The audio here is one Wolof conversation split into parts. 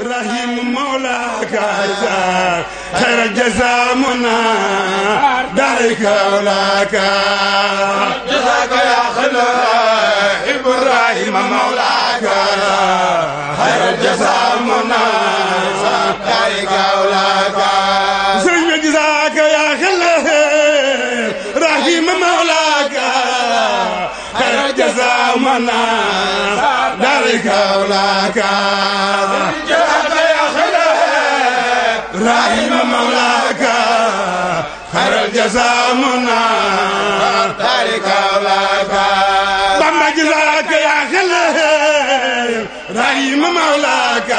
رحيم مولاك خير الجزاء منا دارك مولاك جزاك يا خلاء ابراهيم مولاك خير الجزاء منا دارك مولاك زين جزاك يا خلاء رحيم مولاك خير الجزاء منا كولاك جاءك يا خلف رحم مولاك خير الجزاء منا ذلك كولاك بما جزاك يا خلف رحم مولاك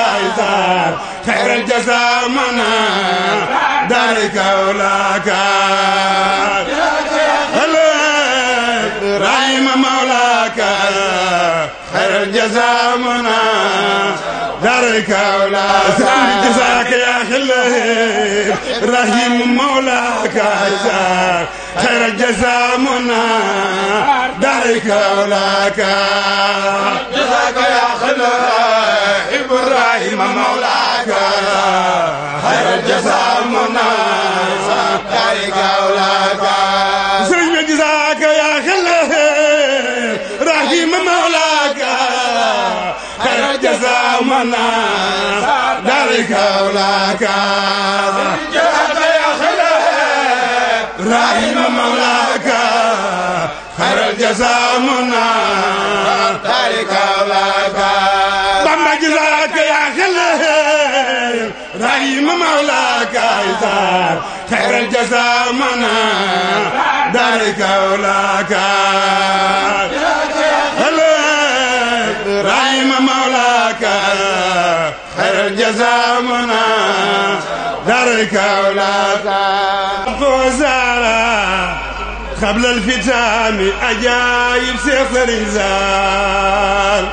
خير الجزاء منا ذلك كولاك جزامنا دارك أولاك جزاك يا خليل رحيم مولاك خير الجزاء منا دارك أولاك جزاك يا خليل إبراهيم مولاك خير الجزاء منا يومنا ذلك أولاك جاءك يا خير رحم مولاك خير الجزاء منا ذلك أولاك بما جزاك يا خير رحم مولاك خير الجزاء منا ذلك أولاك زامنا دارك أولادا غزالا قبل الفتام أجايب سيخ الإنزال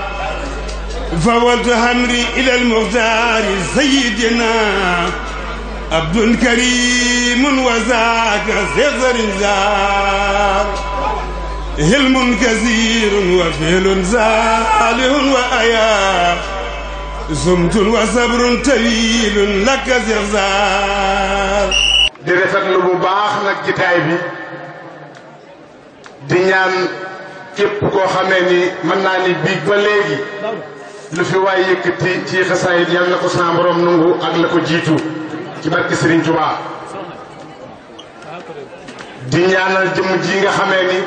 فولت همري إلى المختار سيدنا عبد كريم وذاك سيخ الإنزال هلم كثير وفعل زالح وأياب sumtul wa sabrun tawilun laka zirzaar di rafetlu bu baax nag jitaay bi di ñaan képp koo xamee ni mën naa ni biig ba léegi lu fi waay yëkkati ci xasaayit yal na ko saa borom nungu ak la ko jiitu ci barki Serigne Touba di ñaanal jëm ji nga xamee ni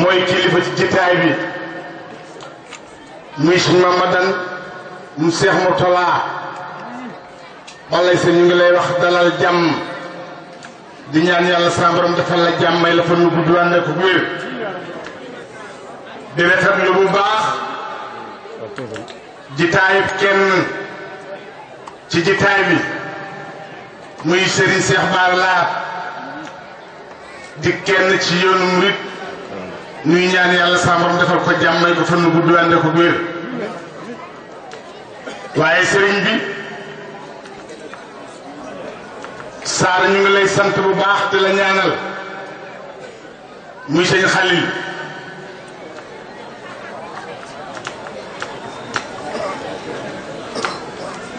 mooy kilifa ci jitaay bi muy sëñ Mamadan mu Seex Murtala balay sa ñu ngi lay wax dalal jàmm di ñaan yàlla sa borom defal la jàmm la fa nu gudd ànd ak wér di rafetlu bu baax jitaayib kenn ci jitaay bi muy Serigne Seex Bara Lahat di kenn ci yoonu murit ñuy ñaan yàlla sàmbaram defal ko jàmm may ko fan nu gudd ànd ko wér waaye sëriñ bi saara ñu ngi lay sant bu baax te la ñaanal muy sëñ Xalil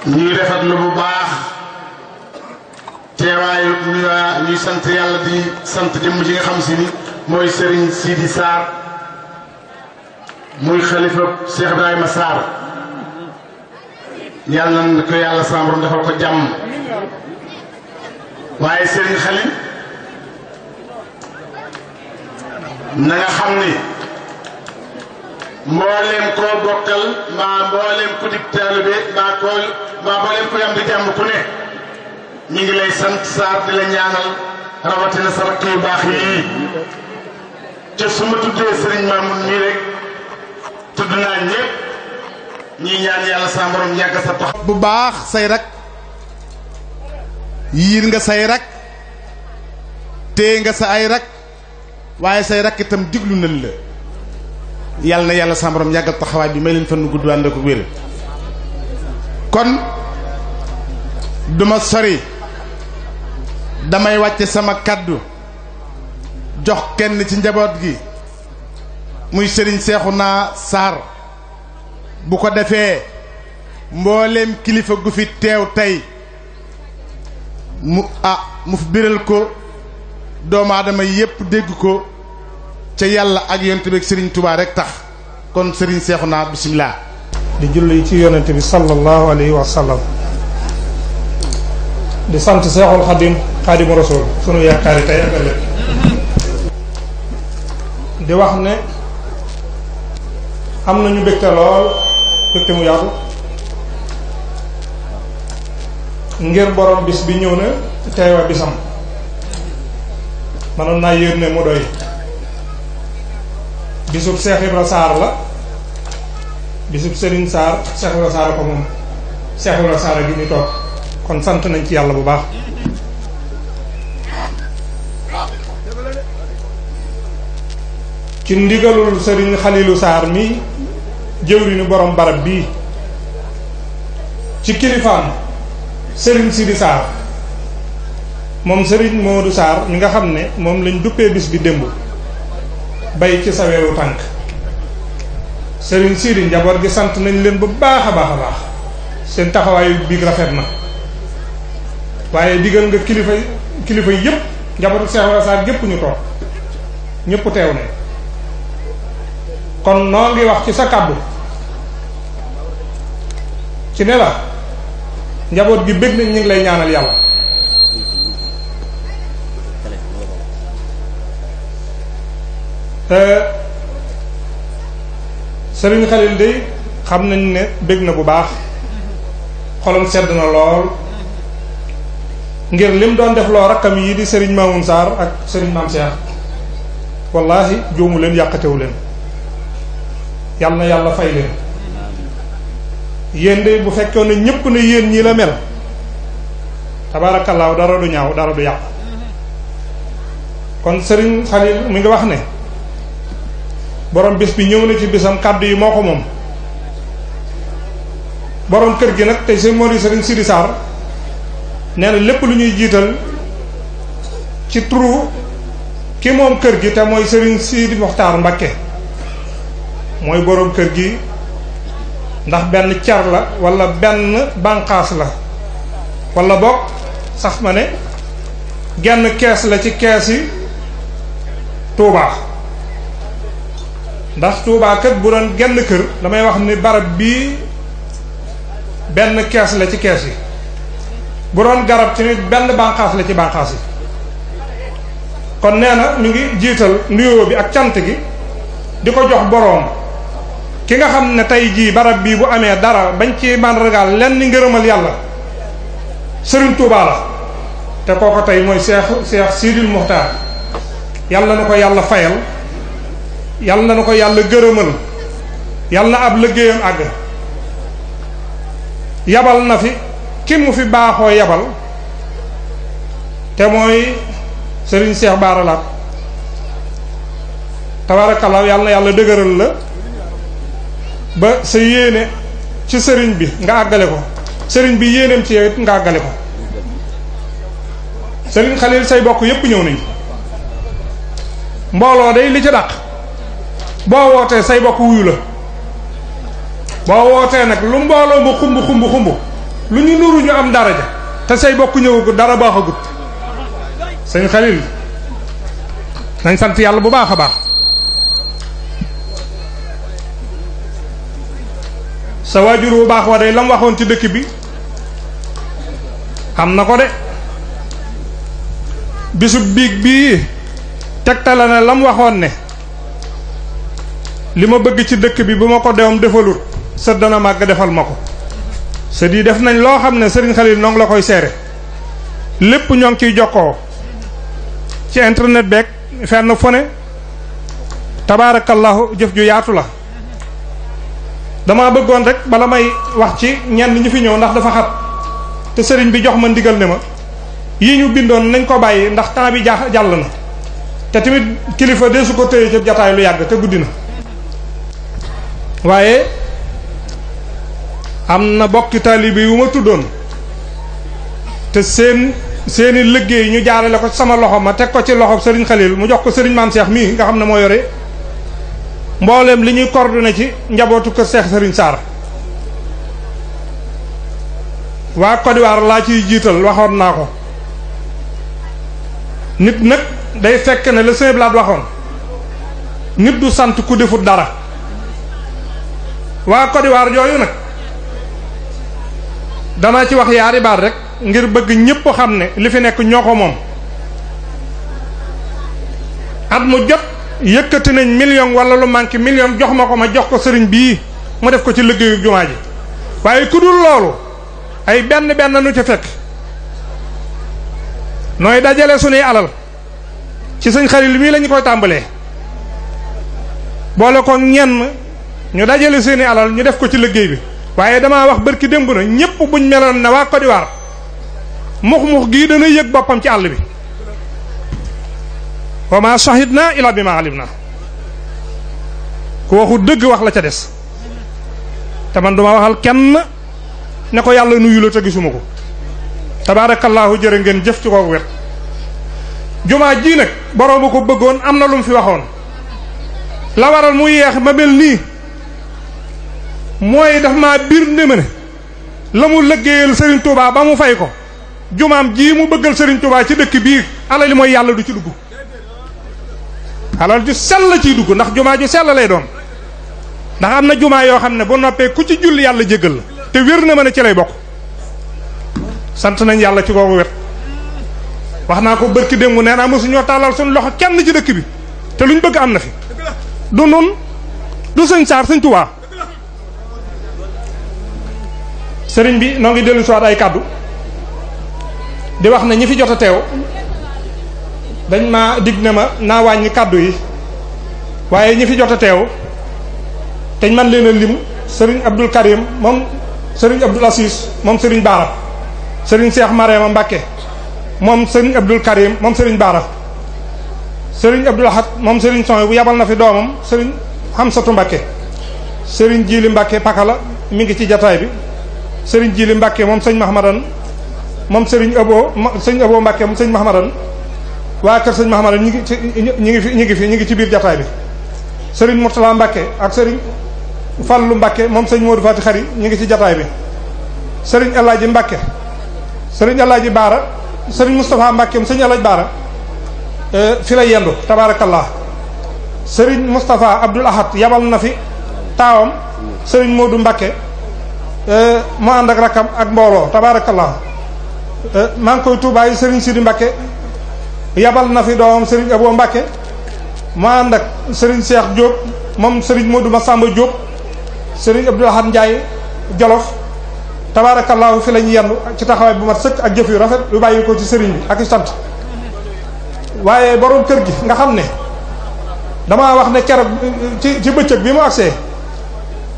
ñuy rafetlu bu baax teewaayu ñuy sant yàlla di sant jëmm ji nga xam si ni mooy Serigne Sidi Sarr muy xalifa Cheikh Ibrahima Sarr yàlla na nga xam ni mbooleem koo bokkal mbaa mbooleem ku dib taalibe mbaa koo mbaa mbooleem ku ne ñu ngi lay sant Sarr di la ñaanal rawatina sa rakk yu baax yi. te bu baax say rak yiir nga say rak téye nga sa ay rak waaye say rak itam diglu nañ la yàlla na yàlla sa borom yàggal taxawaay bi may leen fan gudd ànd ko wér kon duma sori damay wàcce sama kàddu jox kenn ci njaboot gi muy sëriñ naa Sarr bu ko defee mbooleem kilifa gu fi teew tey mu ah mu fi biral ko doomu aadama yépp dégg ko ca yàlla ak yonent bi ak sëriñ Touba rekk tax kon sëriñ Seexuna bisimilah. di julli ci yonent bi sallallahu alayhi wa di sant Seexul Xadim Xaadimu Rasuul sunu yaakaari tey ak ëllëg di wax ne am nañu bégte lool bégte mu yaatu ngir borom bis bi ñëw na teewa bisam mënoon naa yéen ne mu doy bisub Cheikh Ibra Sarr la bisub Serigne Sarr Cheikh Ibra Sarr ko moom Cheikh la Sarr gi ñu toog kon sant nañ ci yàlla bu baax ci ndigalul sëriñ xalilu saar mi jëwriñu borom barab bii ci kilifaam sëriñ sidi saar moom sëriñ moodu saar mi nga xam ne moom lañ duppee bis bi démb bay ci saweewu tànk sëriñ sidi njaboot gi sant nañ leen bu baax a baax a baax seen taxawaayu biig rafet na waaye digal nga kilifa kilifa yépp njabootu seex wala saar gépp ñu toog ñëpp teew ne kon noo ngi wax ci sa kàddu ci ne la njaboot gi bég nañ lay ñaanal yàlla euh, sëriñ Xalil day xam nañ ne bëgg na bu baax xolam sedd na lool ngir lim doon def loo rakkam yi di sëriñ Mamoun Sarr ak sëriñ Mame Cheikh wallaahi juumu leen yàqatewu leen yal na yàlla fay leen yéen de bu fekkoon na ñëpp ne yéen ñi la mel tabaarakallaahu dara du ñaaw dara du yàqu kon sëriñ Xalil mi ngi wax ne borom bis bi ñëw na ci bisam kàddu yi moo ko moom borom kër gi nag tey seen moo di sëriñ Sidi nee lépp lu ñuy jiital ci turu ki moom kër gi te mooy sëriñ Sidi Moxtaar Mbakke mooy boroom kër gi ndax benn car la wala benn bànqaas la wala bokk sax ma ne genn kees la ci kees yi Tuubaa ndax Tuubaa kat bu doon genn kër damay wax ni barab bii benn kees la ci kees yi bu doon garab ci nit benn bànqaas la ci bànqaas yi kon nee na ñu ngi jiital nuyoo bi ak cant gi di ko jox boroom ki nga xam ne tey jii barab bii bu amee dara bañ ci màndargaal lenn ngërëmal yàlla sëriñ Tuubaa la te kooko tey mooy Cheikh Cheikh Sidil Muxtaar yàlla na ko yàlla fayal yàlla na ko yàlla gërëmal yàlla na ab liggéeyam àgg yabal na fi ki mu fi baaxoo yabal te mooy sëriñ Cheikh Baara Laat tabaarakallaa yàlla na yàlla dëgëral la ba sa yéene ci sëriñ bi nga àggale ko sëriñ bi yéeneem ci yow nga àggale ko sëriñ Xalil say bokk yépp ñëw nañ mbooloo day li ci dàq boo wootee say bokk wuyu la boo wootee nag lu mbooloo mu xumb xumb xumb lu ñu nuru ñu am daraja te say bokk ñëwagut dara baax baaxagut sëñ Xalil nañ sant yàlla bu baax a baax sa waajur bu baax wa day lam waxoon ci dëkk bi xam na ko de bisub biig bii tegtale na lam waxoon ne li ma bëgg ci dëkk bi bu ma ko doom defalut sët màgg defal ma ko sët yi def nañ loo xam ne Serigne Khalil noo la koy seere lépp ñoo ngi ciy jokkoo ci internet beeg fenn fone ne tabaarakallahu jëf ju yaatu la damaa bëggoon rek bala may wax ci ñenn ñu fi ñëw ndax dafa xat te sëriñ bi jox ma ndigal ne ma yii ñu bindoon nañ ko bàyyi ndax temps bi jaax jàll na te tamit kilifa dee su ko téye ci jataay lu yàgg te guddi na waaye am na bokki taalibe yu ma tuddoon te seen seeni liggéey ñu jaarale ko sama loxo ma teg ko ci loxo sëriñ Xalil mu jox ko sëriñ maam Cheikh mii nga xam ne moo yore mbooleem li ñuy coordonné ci njabootu kër Seex Sëriñ Saar waa Côte laa ciy jiital waxoon naa ko nit nag day fekk ne la Sëñ Blaat waxoon nit du sant ku defut dara waa Côte d'Ivoire yooyu nag danaa ci wax yaari baat rek ngir bëgg ñépp xam ne li fi nekk ñoo ko moom at mu jot yëkkati nañ million wala lu manqué million jox ma ko ma jox ko sëriñ bii mu def ko ci liggéeyu jumaa ji waaye ku dul loolu ay benn benn nu ci fekk nooy dajale suñuy alal ci sëñ xarit mii lañu koy tàmbalee boole ko ñenn ñu dajale seeni alal ñu def ko ci liggéey bi waaye damaa wax bërki démb na ñépp buñ meloon ne waa Côte d'Ivoire mux mux gii dana yëg boppam ci àll bi wa ma shahidna illa bima alimna ku waxu dëgg wax la ca des te man duma waxal kenn ne ko yàlla nuyu la te gisuma ko tabaarakallaahu jërë ngeen jëf ci ko wet jumaa ji nag borooma ko bëggoon am na lum fi waxoon la mu yeex ma mel nii mooy daf maa biir ndéma ne la mu lëggéeyal Serigne Touba ba mu fay ko jumaam jii mu bëggal Serigne Touba ci dëkk bii alali mooy yàlla du ci dugg alal ju sell ciy dugg ndax jumaa ju sell lay doon ndax am na jumaa yoo xam ne bu noppee ku ci julli yàlla jéggal la te wér na mën a ci lay bokk sant nañ yàlla ci googu wet wax naa ko bërki démb nee naa mosuñoo tàllal suñu loxo kenn ci dëkk bi te luñ bëgg am na fi du nun du sëñ saar sëñ tubaa sëriñ bi noo ngi dellu si waat ay kàddu di wax ne ñi fi jot teew dañ ma dig ne ma naa wàññi kàddu yi waaye ñi fi jot a teew teñ man leen a lim sëriñ Abdul Karim moom sëriñ Abdul Asis moom sëriñ Baara sëriñ Cheikh Marema Mbacke moom sëriñ Abdul Karim moom sëriñ Baara sëriñ Abdul Ahad moom sëriñ Soy bu yabal na fi doomam sëriñ Hamsatu Mbacke sëriñ Jili Mbacke Pakala mi ngi ci jataay bi sëriñ Jili Mbacke moom sëñ Mahamadan moom sëriñ Abo sëñ Abo Mbacke moom sëñ Mahamadan waa kër sëñ Mahamad ñu ngi ci ñu ngi fi ñu ngi fi ñu ngi ci biir jataay bi sëriñ Mourtala Mbacke ak sëriñ Fallou Mbacke moom sëñ Modou Fati Xari ñu ngi ci jataay bi sëriñ El Hadj Mbacke sëriñ El Hadj Baara sëriñ Moustapha Mbacke moom sëñ El Hadj Baara e, fi la yendu tabaarakallah sëriñ Moustapha Abdoul Ahad yabal na fi taawam sëriñ Modou Mbacke mu ànd ak rakam ak mbooloo tabaarakallah e, maa ngi koy tuubaay sëriñ Sidi Mbacke yabal na fi doomam Serigne Abo Mbacke ma ànd ak sëriñ Cheikh jóob moom Serigne Modou Massamba Diop Serigne Abdoul Ahad Ndiaye Jolof tabaarakallaahu fi la ñu yendu ci taxawaay bu mat sëkk ak jëf yu rafet yu bàyyi ko ci Serigne bi ak sant waaye borom kër gi nga xam ne damaa wax ne keroog ci ci bëccëg bii mu agsee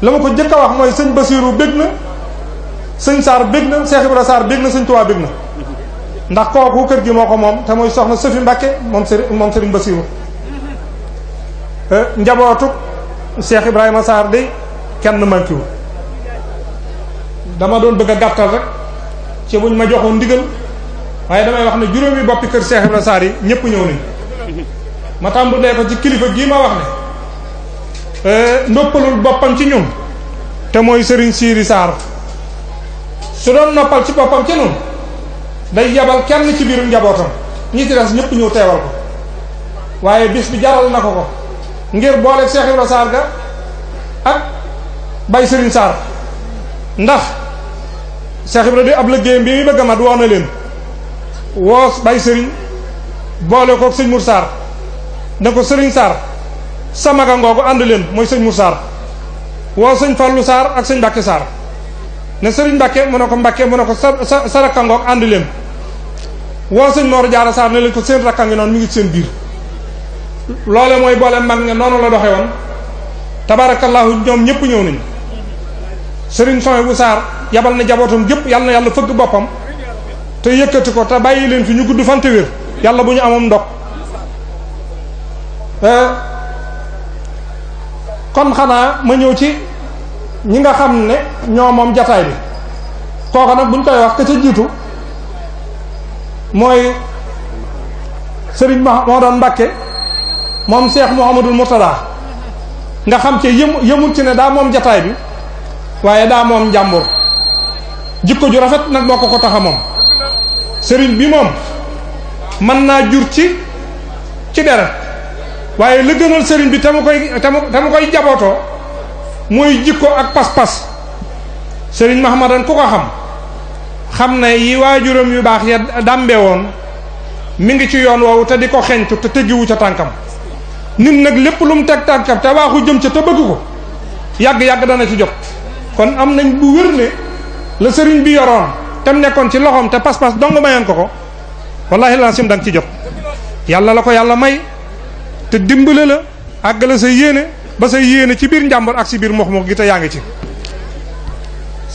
la ma ko njëkk a wax mooy sëñ Basiiru bég na sëñ Saar bég na Cheikh Ibrahima Saar bég na sëñ Tuubaa bég na. ndax kooku kër gi moo ko moom te mooy soxna Sofi Mbacke moom sëriñ ba sëriñ Basiru eh, njabootu Cheikh Ibrahima Sarr day kenn mankiwu dama doon bëgg a gàttal rek ci buñ ma joxoon ndigal waaye damay wax ne juróomi boppi kër Cheikh Ibrahima Sarr yi ñëpp ñëw nañ ma tàmbulee ko ci kilifa gii ma wax ne eh, noppalul boppam ci ñun te mooy sëriñ Siiri Sarr su doon noppal ci boppam ci ñun day yebal kenn ci biir njabootam ñi ci des ñëpp ñëw teewal ko waaye bis bi jaral na ko ko ngir boole Cheikh Ibrahima Sarr ga ak bay Serigne Sarr ndax Cheikh Ibrahima di ab liggéeyam bi bëgg a mat woo na leen woos bay Serigne boole koog sëñ Mour Sarr ne ko sëriñ Sarr sama ga ngoogu ànd leen mooy sëñ Mour saar woo sëñ Fallou Sarr ak sëñ Mbacke saar ne Serigne Mbacke mu ne ko Mbacke mun ne ko sa sa sa rakka ngoog ànd leen. woo sëñ nooru Diarra Sarr ne ko seen rakka ngi noonu mi ngi seen biir loole mooy boole mag nga noonu la doxe woon tabaarakallaahu ñoom ñëpp ñëw nañu sëriñ Soy bu Sarr yabal na jabootam gépp yàlla na yàlla fëgg boppam te yëkkati ko te bàyyi leen fi ñu gudd fante wér yàlla bu ñu amoon ndog eh, kon xanaa ma ñëw ci ñi nga xam ne ñoo moom jataay bi kooka nag buñ koy wax ka mooy sëriñ Mahmadou Mbacke moom Cheikh Mouhamadul Mourtada nga xam ci yëmu yëmul ci ne daa moom jataay bi waaye daa moom njàmbur jikko ju rafet nag moo ko ko taxa moom sëriñ bi moom mën naa jur ci ci deret waaye la gënal sëriñ bi te mu koy te mu koy jabootoo mooy jikko ak pas-pas sëriñ Mahmadan ku ko xam xam ne yi waajuram yu baax ya dambe woon mi ngi ci yoon woowu te di ko xeñtu te tëggiwu ca tànkam nit nag lépp lu mu teg tànkam te waaxu jëm ca te bëgg ko yàgg-yàgg dana ci jot kon am nañ bu wér la sëriñ bi yoroon te mu nekkoon ci loxoom te pas-pas dong mayoon ko ko wallahi lan sim danga ci jot yàlla la ko yàlla may te dimbale la àggale sa yéene ba sa yéene ci biir njàmbur ak si biir mox mox gi te yaa ngi ci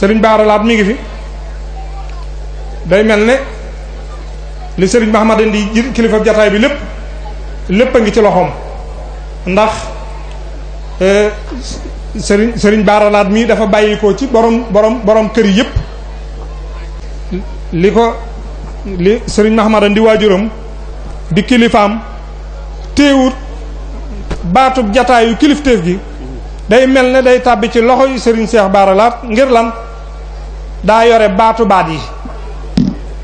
sëriñ baaralaat mi ngi fi day mel ne li sëriñ Mahamadan di kilifa jataay bi lépp lépp a ci loxoom ndax euh, sëriñ sëriñ baaralaat mii dafa bàyyi ko ci borom borom borom kër yëpp li ko li Serigne Mahamadan di waajuram di kilifaam téewut baatu jataayu kilifteef gi day mel ne day tàbbi ci loxo yi sëriñ Cheikh baaralaat ngir lan daa yore baatu baat yi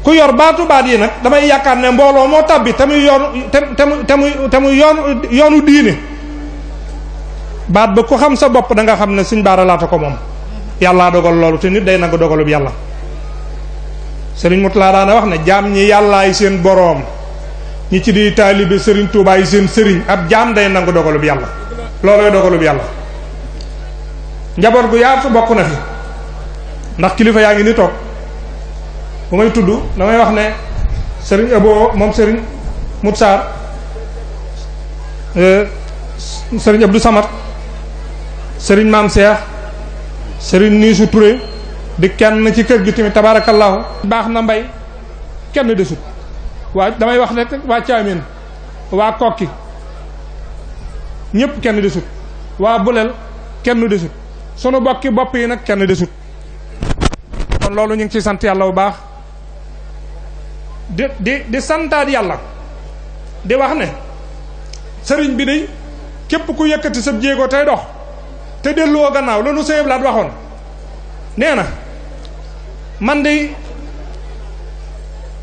ku yor baatu baat yi nag damay yaakaar ne mbooloo moo tàbbi te muy yoonu te te muy te muy yoonu yoonu baat ba ku xam sa bopp da nga xam ne suñ baara laata ko moom yàllaa dogal loolu te nit day nangu dogalub yàlla sëriñ Mutla daana wax ne jaam ñi yàllaay seen boroom ñi ci di taalibe sëriñ Tuubaa yi seen sëriñ ab jaam day nangu dogalub yàlla loolooy dogalub yàlla njaboot gu yaatu bokk na fi ndax kilifa yaa ngi ni toog bu may tudd damay wax ne Serigne Abo moom sëriñ Mout Sarr euh, Serigne Abdou Samad Serigne Maam Cheikh Serigne Niisu Touré di kenn ci kër gi tamit tabaarakallaahu baax na mbay kenn desut waa damay wax ne waa Thiamène waa Kokki ñëpp kenn desut waa Bulel kenn desut sunu bokki bopp yi nag kenn desut kon loolu ñu ngi ciy sant yàlla bu baax di di di santaat yàlla di wax ne sëriñ bi day képp ku yëkkati sa jéego tey dox te delluwoo gannaaw loolu sëñ laat waxoon nee na man de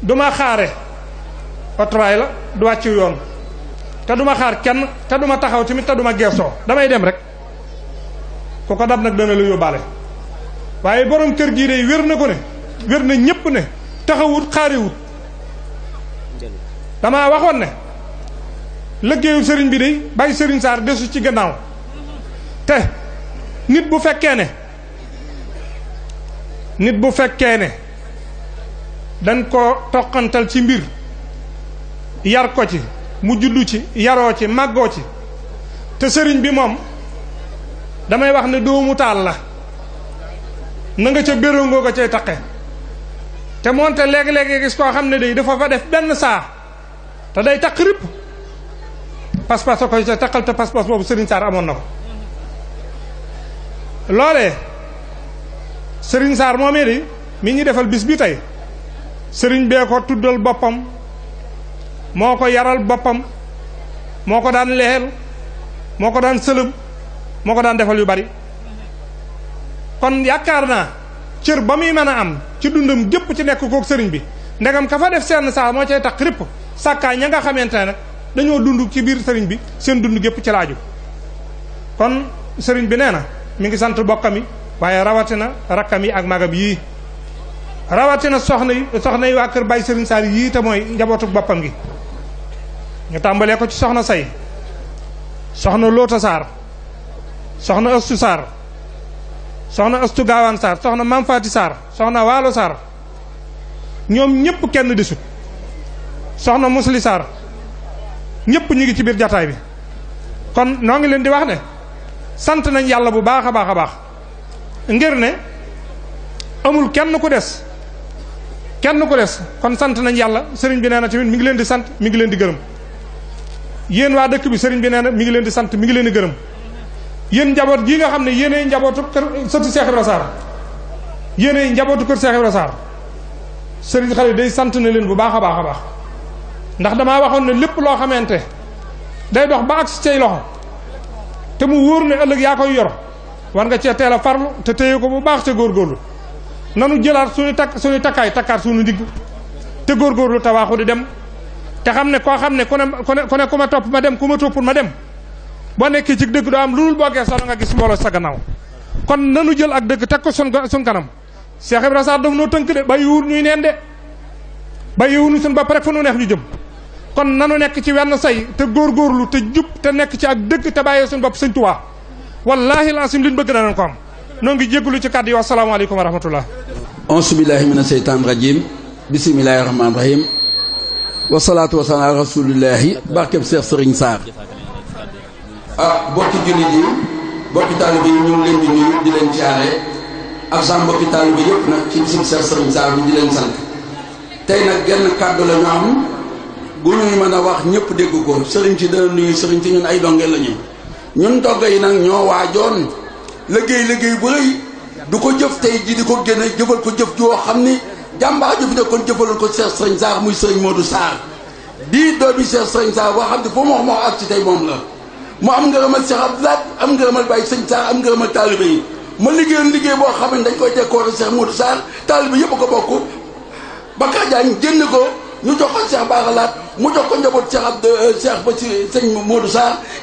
duma xaare otoraay la du wàcc yoon te duma xaar kenn te duma taxaw tamit te ma geesoo damay dem rek ku ko dab nag dana la yóbbaale waaye borom kër gii dey wér na ko ne wér na ñépp ne taxawut xaarewut damaa waxoon ne liggéeyu sëriñ bi day bay sëriñ Saar desu ci gannaaw te nit bu fekkee ne nit bu fekkee ne dañ ko toqantal ci mbir yar ko ci mu juddu ci yaroo ci màggoo ci te sëriñ bi moom damay wax ne doomu taal la na nga ca béréngoo ko cay taqe te moonte léegi-léegi gis koo xam ne day dafa fa def benn saa te day takk ripp pas-pas a koy sa takkal te pas-pas boobu Serigne Sarr amoon na ko loolee Serigne Sarr moomee di mi ñu defal bis bi tey sëriñ bee ko tuddal boppam moo ko yaral boppam moo ko daan leel moo ko daan sëlëm moo ko daan defal yu bari kon yaakaar naa cër ba muy mën a am ci dundam gépp ci nekk kook sëriñ bi ndegam ka fa def seen saa moo cay tax ripp sàkkaa ña nga xamante ne nag dañoo dund ci biir sëriñ bi seen dund gépp ci laaju kon sëriñ bi nee na mi ngi sant bokkam yi waaye rawatina rakkam yi ak magam yii rawatina soxna yi soxna yi waa kër sëriñ Serigne Sall yii te mooy njabootu boppam gi ñu tàmbalee ko ci soxna say soxna Loota Sarr soxna Astu Sarr soxna Astu Gaawaan Sarr soxna Mam Faati Sarr soxna Waalo Sarr ñoom ñëpp kenn desut soxna Musli Sarr ñëpp ñu ngi ci biir jataay bi kon noo ngi leen di wax ne sant nañ yàlla bu baax a baax a baax ngir ne amul kenn ku des kenn ku des kon sant nañ yàlla sëriñ bi nee na tamit mi ngi leen di sant mi ngi leen di gërëm yéen waa dëkk bi sëriñ bi nee na mi ngi leen di sant mi ngi leen di gërëm yéen njaboot gii nga xam ne yéenay njabootu kër sëtu Cheikh Ibra Sarr yéenay njabootu kër Cheikh Ibra Sarr sëriñ xale day sant na leen bu baax a a baax ndax damaa waxoon ne lépp loo xamante day dox ba agsi cay loxo te mu wóor ne ëllëg yaa koy yor war nga cee teel a farlu te téye ko bu baax te góorgóorlu nanu jëlaat suñu takk suñu takkaay takkaat suñu ndigg te góor te waaxu di dem te xam ne koo xam ne ku ne ku ne ku ma topp ma dem ku ma toppul ma dem boo nekkee ci dëkk doo am lu dul boogee sax nga gis mbooloo sa gannaaw kon nanu jël ak dëkk teg ko sun suñ kanam Cheikh Ibrahima Sarr daf noo tënk de bàyyiwul ñuy neen de bàyyiwul ñu sun bopp rek fu nu neex ñu jëm kon nanu nekk ci wenn say te góorgóorlu te jub te nekk ci ak dëgg te bàyyee suñu bopp sëñ Tuubaa wallaahi laasim liñ bëgg danañ ko am noo ngi jégalu ci kàddu yi asalaamaaleykum wa rahmatullah auzu billaahi mina seytaan rajiim bismillaahi rahmaani rahiim wasalaatu wasalaam ala barkeb Seex Sëriñ Saar ah bokki jullit yi bokki taalibe yi ñu leen di nuyu di leen jaare ak sa mbokki taalibe yëpp nag ci bisim Seex Sëriñ Saar bi di leen sant tey kàddu la bu ñuy mën a wax ñëpp dégg ko sëriñ si dana nuyu sëriñ si ñun ay donge la ñu ñun togg yi nag ñoo waajoon liggéey liggéey bu rëy du ko jëf tey ji di ko génne jëfal ko jëf joo xam ni jàmbaar ju fi nekkoon jëfalul ko Cheikh Sëriñ Sarr muy Sëriñ Modou Sarr di doomi Cheikh Sëriñ Sarr boo xam ne foo moo moo ak ci tey moom la mu am ngërëmal Cheikh Abdoulaye am ngërëmal Baye Sëriñ Sarr am ngërëmal taalibe yi ma liggéeyoon liggéey boo xam ne dañ koy décorer Cheikh Modou Sarr taalibe yëpp ko bokk Bakar Diagne génn ko ñu jox ko Cheikh Bakhalaat mu jox ko njaboot Cheikh Abdou euh,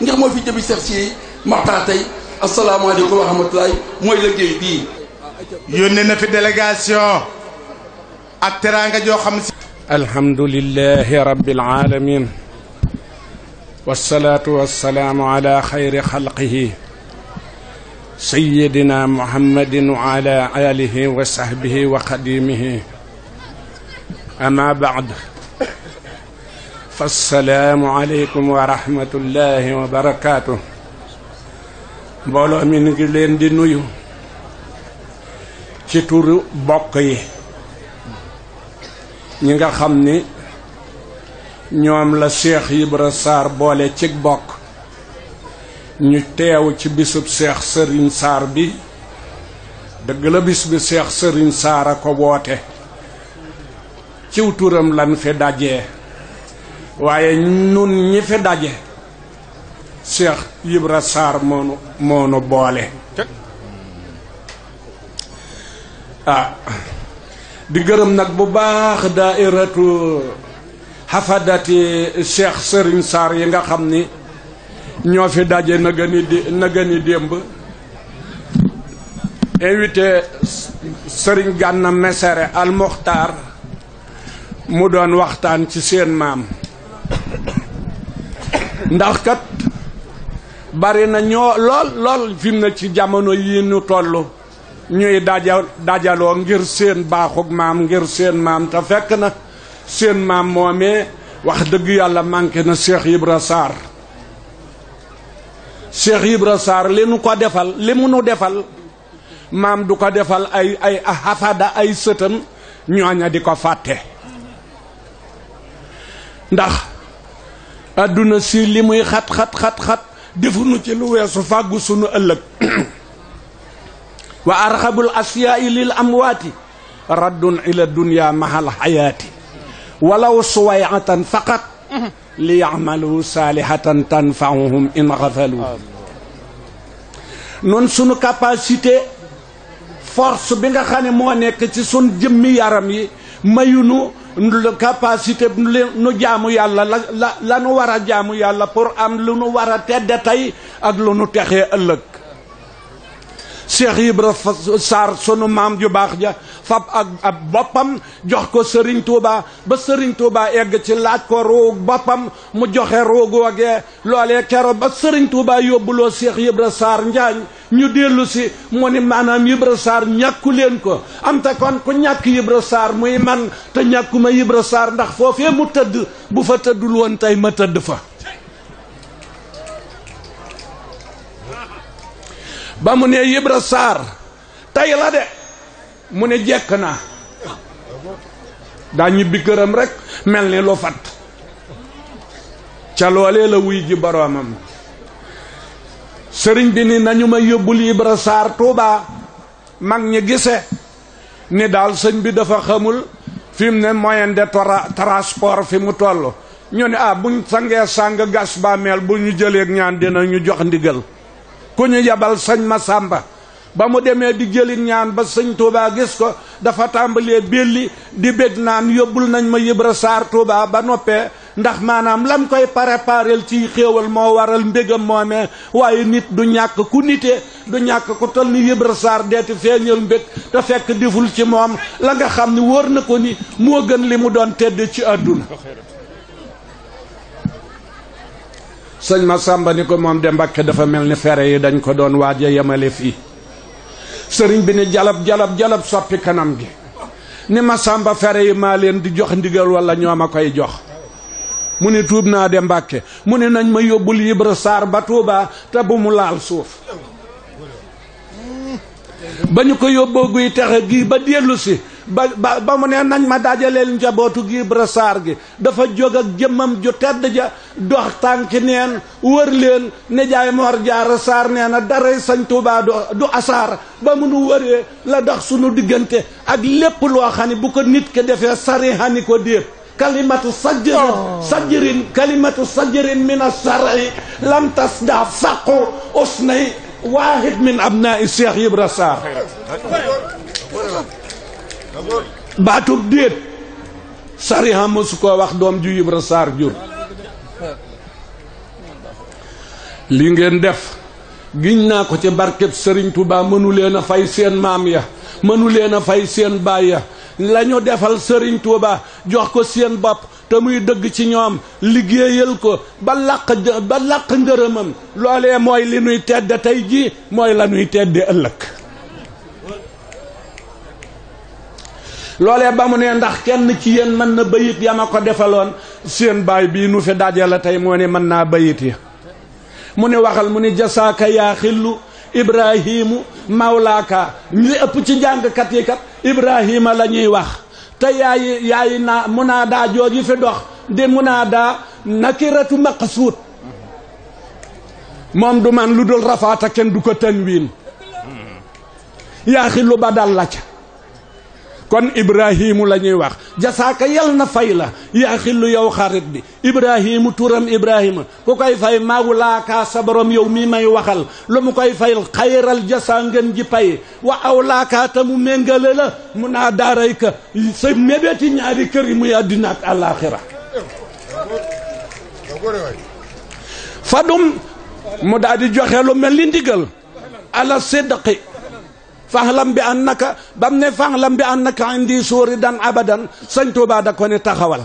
ngir moo fi jëbi Cheikh si Maxtaar tey asalaamaaleykum wa rahmatulaay mooy liggéey bii. yónnee na fi délégation ak teraanga joo xam si. alhamdulilahi rabbil aalamiin. wasalaatu wasalaamu ala xayri xalqihi. sayyidina ama baad fassalaamu aleykum wa rahmatullahi wa barakaatu mbooloo mi ngi leen di nuyu ci turu bokk yi ñi nga xam ni ñoom la Cheikh Ibra Sarr boole cig bokk ñu teewu ci bisub Cheikh Serigne Sarr bi dëgg la bis bi Cheikh Serigne Sarr a ko woote ciw turam lan fi daje waaye nun ñi fi daje Cheikh Ibra Sarr moonu moonu boole ah, di gërëm nag bu baax daairatu xafadati Cheikh sëriñ saar yi nga xam ni ñoo fi daje na gën a na gën a démb invité Serigne Gana Messere al Mokhtar mu doon waxtaan ci seen maam ndax kat bari na ñoo lool lool fim na ci jamono yi ñu toll ñuy dajaloo ngir seen baaxug maam ngir seen maam te fekk na seen maam moomee wax dëgg yàlla manqué na Cheikh Ibra Sarr Cheikh Ibra Sarr li nu defal mu nu defal maam du ko defal ay ay hafada ay sëtam ñooña di ko fàtte ndax àdduna si li muy xat xat xat xat defuñu ci lu weesu fàggu sunu ëllëg wa arxabul asyaai lil amwaati raddun ila dunya mahal xayaati walaw suwayatan faqat li yamalu saalihatan tanfaahum in xafalu noonu sunu capacité force bi nga xam moo nekk ci sun jëmmi yaram yi mayunu lu capacité nu jaamu yàlla la la la nu war a jaamu yàlla pour am lu nu war a tedde tey ak lu nu texee ëllëg Cheikh Ibra Sarr sunu maam ju baax ja fab ak ab boppam jox ko Serigne Touba ba Serigne Touba egg ci laaj ko ruug boppam mu joxe ruug wagee loolee kero ba Serigne Touba yóbbuloo Cheikh Ibra Sarr Njaañ ñu dellu si mu ni maanaam Ibra Sarr ñàkku leen ko am te kon ku ñàkk Ibra Sarr muy man te ma Ibra Sarr ndax foofee mu tëdd bu fa tëddul woon tey ma tëdd fa ba mu ne Ibra Sarr tey la de mu ne jekk na daa ñibbi këram rekk mel ni lu fat ca loolee la wuy ji boroomam sëriñ bi ni nañu ma yóbbul Ibra Sarr Tuubaa mag ñi gise ni daal sëñ bi dafa xamul fi ne moyen de fi mu toll ñu ne ah buñ sangee sàng gas bàmmeel bu ñu jëleeg ñaan dina ñu jox ndigal ku ñu yabal sañ ma sàmba ba mu demee di jëli ñaan ba sëñ Touba gis ko dafa tàmbalee belli di bég naan yóbbul nañ ma Ibra Sarr Touba ba noppee ndax maanaam lam koy préparel ci xéewal moo waral mbégam moomee waaye nit du ñàkk ku nite du ñàkk ku toll ni Ibra Sarr deeti feeñal mbég te fekk deful ci moom la nga xam ni wóor na ko ni moo gën li mu doon tedd ci adduna sëñ ma sàmba ni ko moom de Mbàkke dafa mel ni fere yi dañ ko doon waaj a yemale fii sëriñ bi ni jalab jalab jalab soppi kanam gi ni ma sàmba fere yi maa leen di jox ndigal wala ñoo ma koy jox mu ne tuub naa de Mbàkke mu ne nañ ma yóbbul Ibra Saar ba Tuubaa te bu mu laal suuf ba ñu ko yóbboo guy texe gii ba dellu ba ba ba mu ne nañ ma dajaleel njabootu gi Ibra Saar gi dafa jóg ak jëmmam ju tedd ja dox tànki neen wër leen ne jaay Mor Saar nee na daray Sëñ Tuubaa du asaar ba mu nu wëree la dox sunu diggante ak lépp loo xam ne bu ko nit ke defee sari xani ko déet kalimatu sajrin oh. sajrin kalimatu sajrin min asari lam tas daa saqu usnay waahid min abnaa i Cheikh Ibra Saar baatub déet sariya mësu koo wax doom ju Ibra Saar jur li ngeen def giñ naa ko ci barkeb sëriñtu ba mënu leen a fay seen maam ya mënu leen a fay seen baay ya lañu defal Sëriñ Tuubaa jox ko seen bopp te muy dëgg ci ñoom liggéeyal ko ba làq ba làq ngërëmam loolee mooy li nuy tedd tey jii mooy la nuy tedde ëllëg loolee ba mu ne ndax kenn ci yéen mën na bayit ya ma ko defaloon seen baay bii nu fi daje la tey moo ne mën naa bayit ya mu ne waxal mu ne jasaaka yaa xillu ibrahimu mawlaaka li ëpp ci jàngkat yi kat ibrahima la ñuy wax te yaayi yaayi naa munaadaa jooj yi fi dox di munaadaa nakiratu maqsuud moom du man lu dul rafaata kenn du ko tanwiin yaa xillu ba dal la kon ibrahimu la ñuy wax jasaaka yal na fay la yaa xillu yow xarit bi ibrahimu turam ibrahima ku koy fay maagu laakaa sa borom yow mii may waxal lu mu koy fayal xayral jasa ngeen ji pay wa aw laakaa ta mu méngale la mu naa daaray ka sa mébéti ñaari kër yi muy àddina ak àllaaxira fadum mu daal di joxe lu mel ni ndigal ala sidqi faxlam bi an naka bam ne faxlam bi an naka indi sóori dan abadan sëñ Tuubaa ko ne taxawal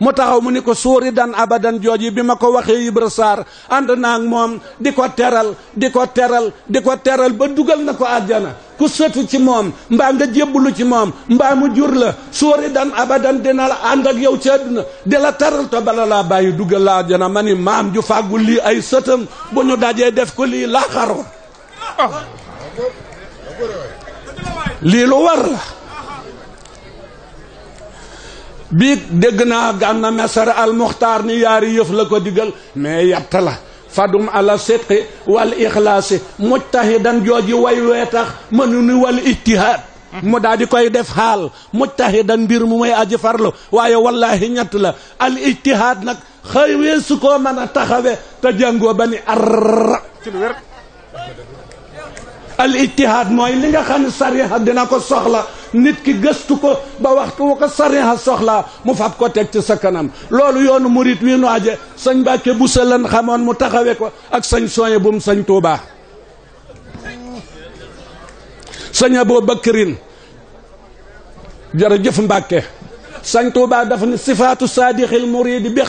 mu taxaw mu ni ko sóori dan abadan jooji bi ma ko waxee Ibra Sarr ànd naa ak moom di ko teral di ko teral di ko teral ba dugal na ko àjjana ku sëtu ci moom mbaa nga jébbalu ci moom mbaa mu jur la sóori dan abadan dina la ànd ak yow ci àdduna di la teral te bala laa bàyyi dugal la àjjana ma ni maam ju fàggul lii ay sëtam bu ñu dajee def ko lii laa lii lu war la biig dégg naa gànna mesar al muxtaar ni yaari yëf la ko digal mais yatt la fadum ala sidqi wal ixlaasi mujtahidan jooji way wee tax mënu ni wal ijtihaad mu daal di koy def xaal mujtahidan mbir mu may aji farlu waaye wallahi ñett la al ijtihaad nag xëy weesu koo mën a taxawe te jàngoo ba ni arr al ijtihaad mooy li nga xam ne sariha dina ko soxla nit ki gëstu ko ba waxtu wu ko sariha soxla mu fab ko teg ci sa kanam loolu yoonu murit wi noaje sañ Mbàkke bu sa lan xamoon mu taxawe ko ak sëñ soye bu mu sëñ Tuubaa sëñ Aboo Bakrin jërëjëf Mbàkke sëñ Tuubaa dafa ne sifaatu saadixil muridi bi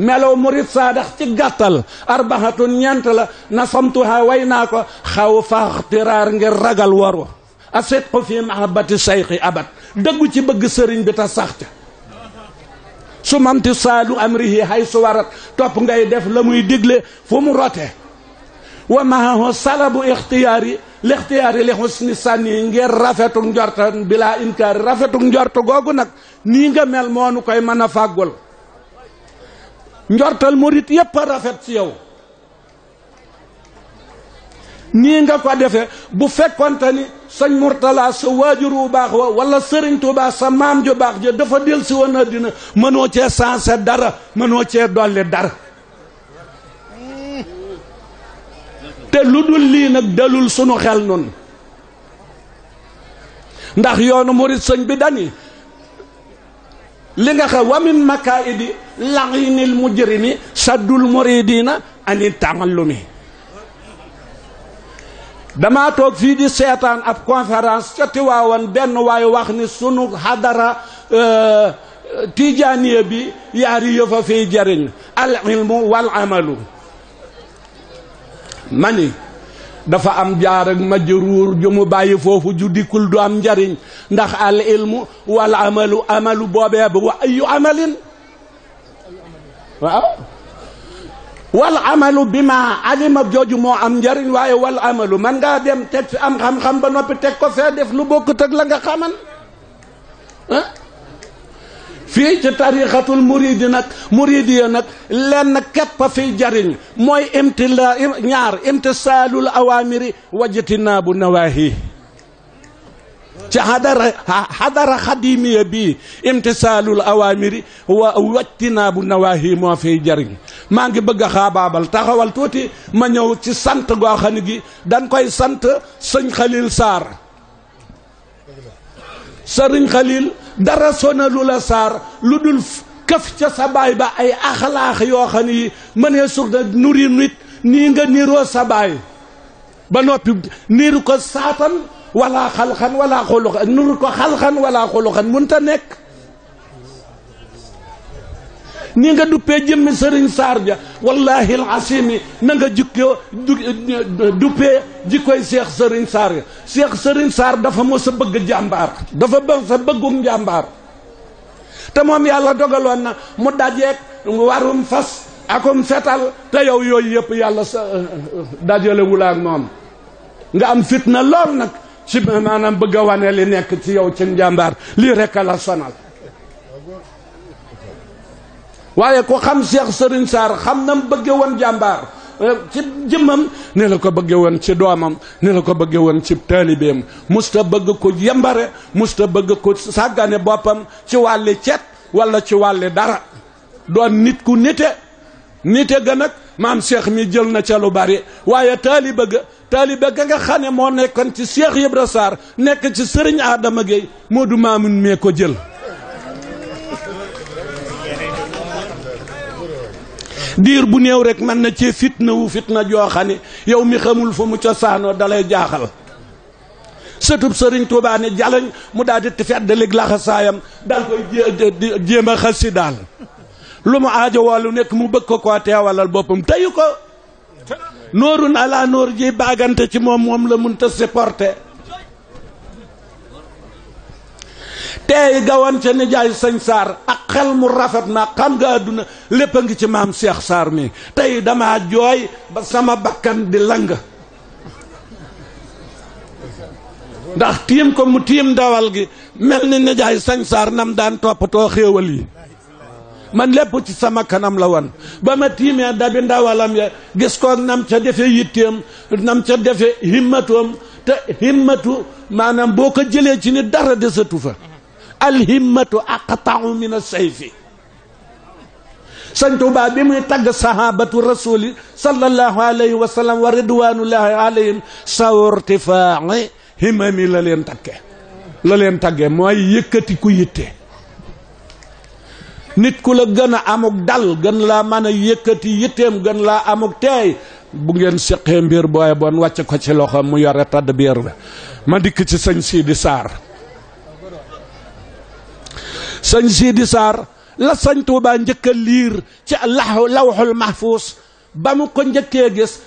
melaw murid saadax ci gàttal arbaxatun ñeent la na samtuha way naa ko xaw faxtiraar ngir ragal waru asidqu fi mahabbati sayxi abad dëggu ci bëgg sëriñ bi te sax ca su manti saadu amrihi hay su warat topp ngay def la muy digle fu mu rote wa maahu salabu ixtiyaari li ixtiyaari sànni ngir rafetuk njorta bilaa inkaari rafetuk njort googu nag nii nga mel moo nu koy mën a fàggul njortal murit yépp rafet ci yow nii nga ko defe bu fekkonte ni sëñ Murtala sa waajur wu baax wa wala sëriñ Tuubaa sa maam ju baax ja dafa del si woon dina mënoo cee sansé dara mënoo cee dolli dara te lu dul lii nag dalul sunu xel nun ndax yoonu murit sëñ bi dani li nga xam wamin makaayidi laxinil mujrimi saddul muridina ani taallumi dama toog fii di seetaan ab conférence ca Tiwaawan benn waay wax ni sunu hadara euh, tijaaniya bi yaari yëfa fiy jariñ al ilmu wal amalu ma dafa am jaar ak ju mu bàyyi foofu ju dikkul du am njariñ ndax al ilmu wal amalu amalu boobee bu ayu amalin waaw wal amalu bi ma alima jooju moo am njariñ waaye wal amalu man ngaa dem teg fi am xam-xam ba noppi teg ko fee def lu bokk teg la nga xaman ah fii ci tariqatul muridi nag muridi ya nag lenn képp a jariñ mooy imtila ñaar imtisaalul awaamiri wajtinaabu nawaahi ci hadara hadara xadimiya bii imtisaalul awaamiri wa wajtinaabu nawaahi moo fiy jariñ maa ngi bëgg a xaabaabal taxawal tuuti ma ñëw ci sant goo gi dañ koy sant sëñ Xalil Saar sëriñ Xalil dara sonalu la Saar lu dul këf ca sa baay ba ay axlaax yoo xam ne yi mënee sur na nuri nit nii nga niroo sa baay ba noppi niiru ko saatan wala xalxan wala xuluxan nur ko nekk ni nga duppee jëmmi sëriñ saar ja wallahi alasimi na nga jikkoo duppee jikkoy seex sëriñ saar ja seex sëriñ saar dafa mos a bëgg jàmbaar dafa bëgg sa bëggum jàmbaar te moom yàlla dogaloon na mu dajeeg warum fas akum fetal te yow yooyu yëpp yàlla sa euh, euh, dajale wulaak moom nga am fitna lool nag ci maanaam bëgg a wane li nekk ci yow ci njàmbaar lii rek la sonal waaye ku xam Cheikh sëriñ Sarr xam nam bëgge woon jàmbaar eh, ci jëmmam ni la ko bëgge woon ci doomam ni la ko bëgge woon ci taalibeem musta bëgg ko yembare musta bëgg ko sàggane boppam ci wàlli cet wala ci wàlli dara doon nit ku nite nite ga nag maam Cheikh mi jël na ca lu bari waaye taalibe ga taalibe ga nga xam ne moo nekkoon ci Cheikh Ibra Sarr nekk ci sëriñ Adama Gueye Modou Mamoun mee ko jël diir bu néew rek mën na ci fitna wu fitna joo xam yow mi xamul fu mu cosaanoo dalay jaaxal sëtub sëriñ Tuubaa ne mu daal di feddalik laxasaayam dal koy jéem a xas daal lu mu aajo wàllu nekk mu bëgg ko koo teewalal boppam teyu ko noorun ala noor ji baagante ci moom moom la munta supporter teey gawan ca nijaay sëñ ak xel mu rafet na xam nga àdduna lépp a ngi ci maam Cheikh Saar mi tey dama jooy ba sama bakkan di lang ndax tiim ko mu tiim dawal gi mel ni nijaay sëñ Saar nam daan toppatoo xéewal yi man lépp ci sama kanam la wan ba ma tiimee dabi ndawalam ya gis koog nam ca defe yitteem nam ca defe himmatoom te himmatu maanaam boo ko jëlee ci ni dara desatu fa alhimmatu aqtau min as-sayfi Sëñ Tuubaa bi muy tagg sahabatu rasuli sallallahu alayhi wa sallam wa ridwanullahi alayhim sawrtifaai himami la leen takke la leen tagge mooy yëkkati ku yitte nit ku la gën a amuk dal gën la mën a yëkkati yitteem gën laa amuk teey bu ngeen seqee mbir booy bon wàcc ko ci loxo mu yore tadd biir la ma dikk ci sëñ Sidi Sarr sëñ Sidi Sarr la sëñ Tuubaa njëkk liir ci law lawxul mahfuus ba mu ko njëkkee gis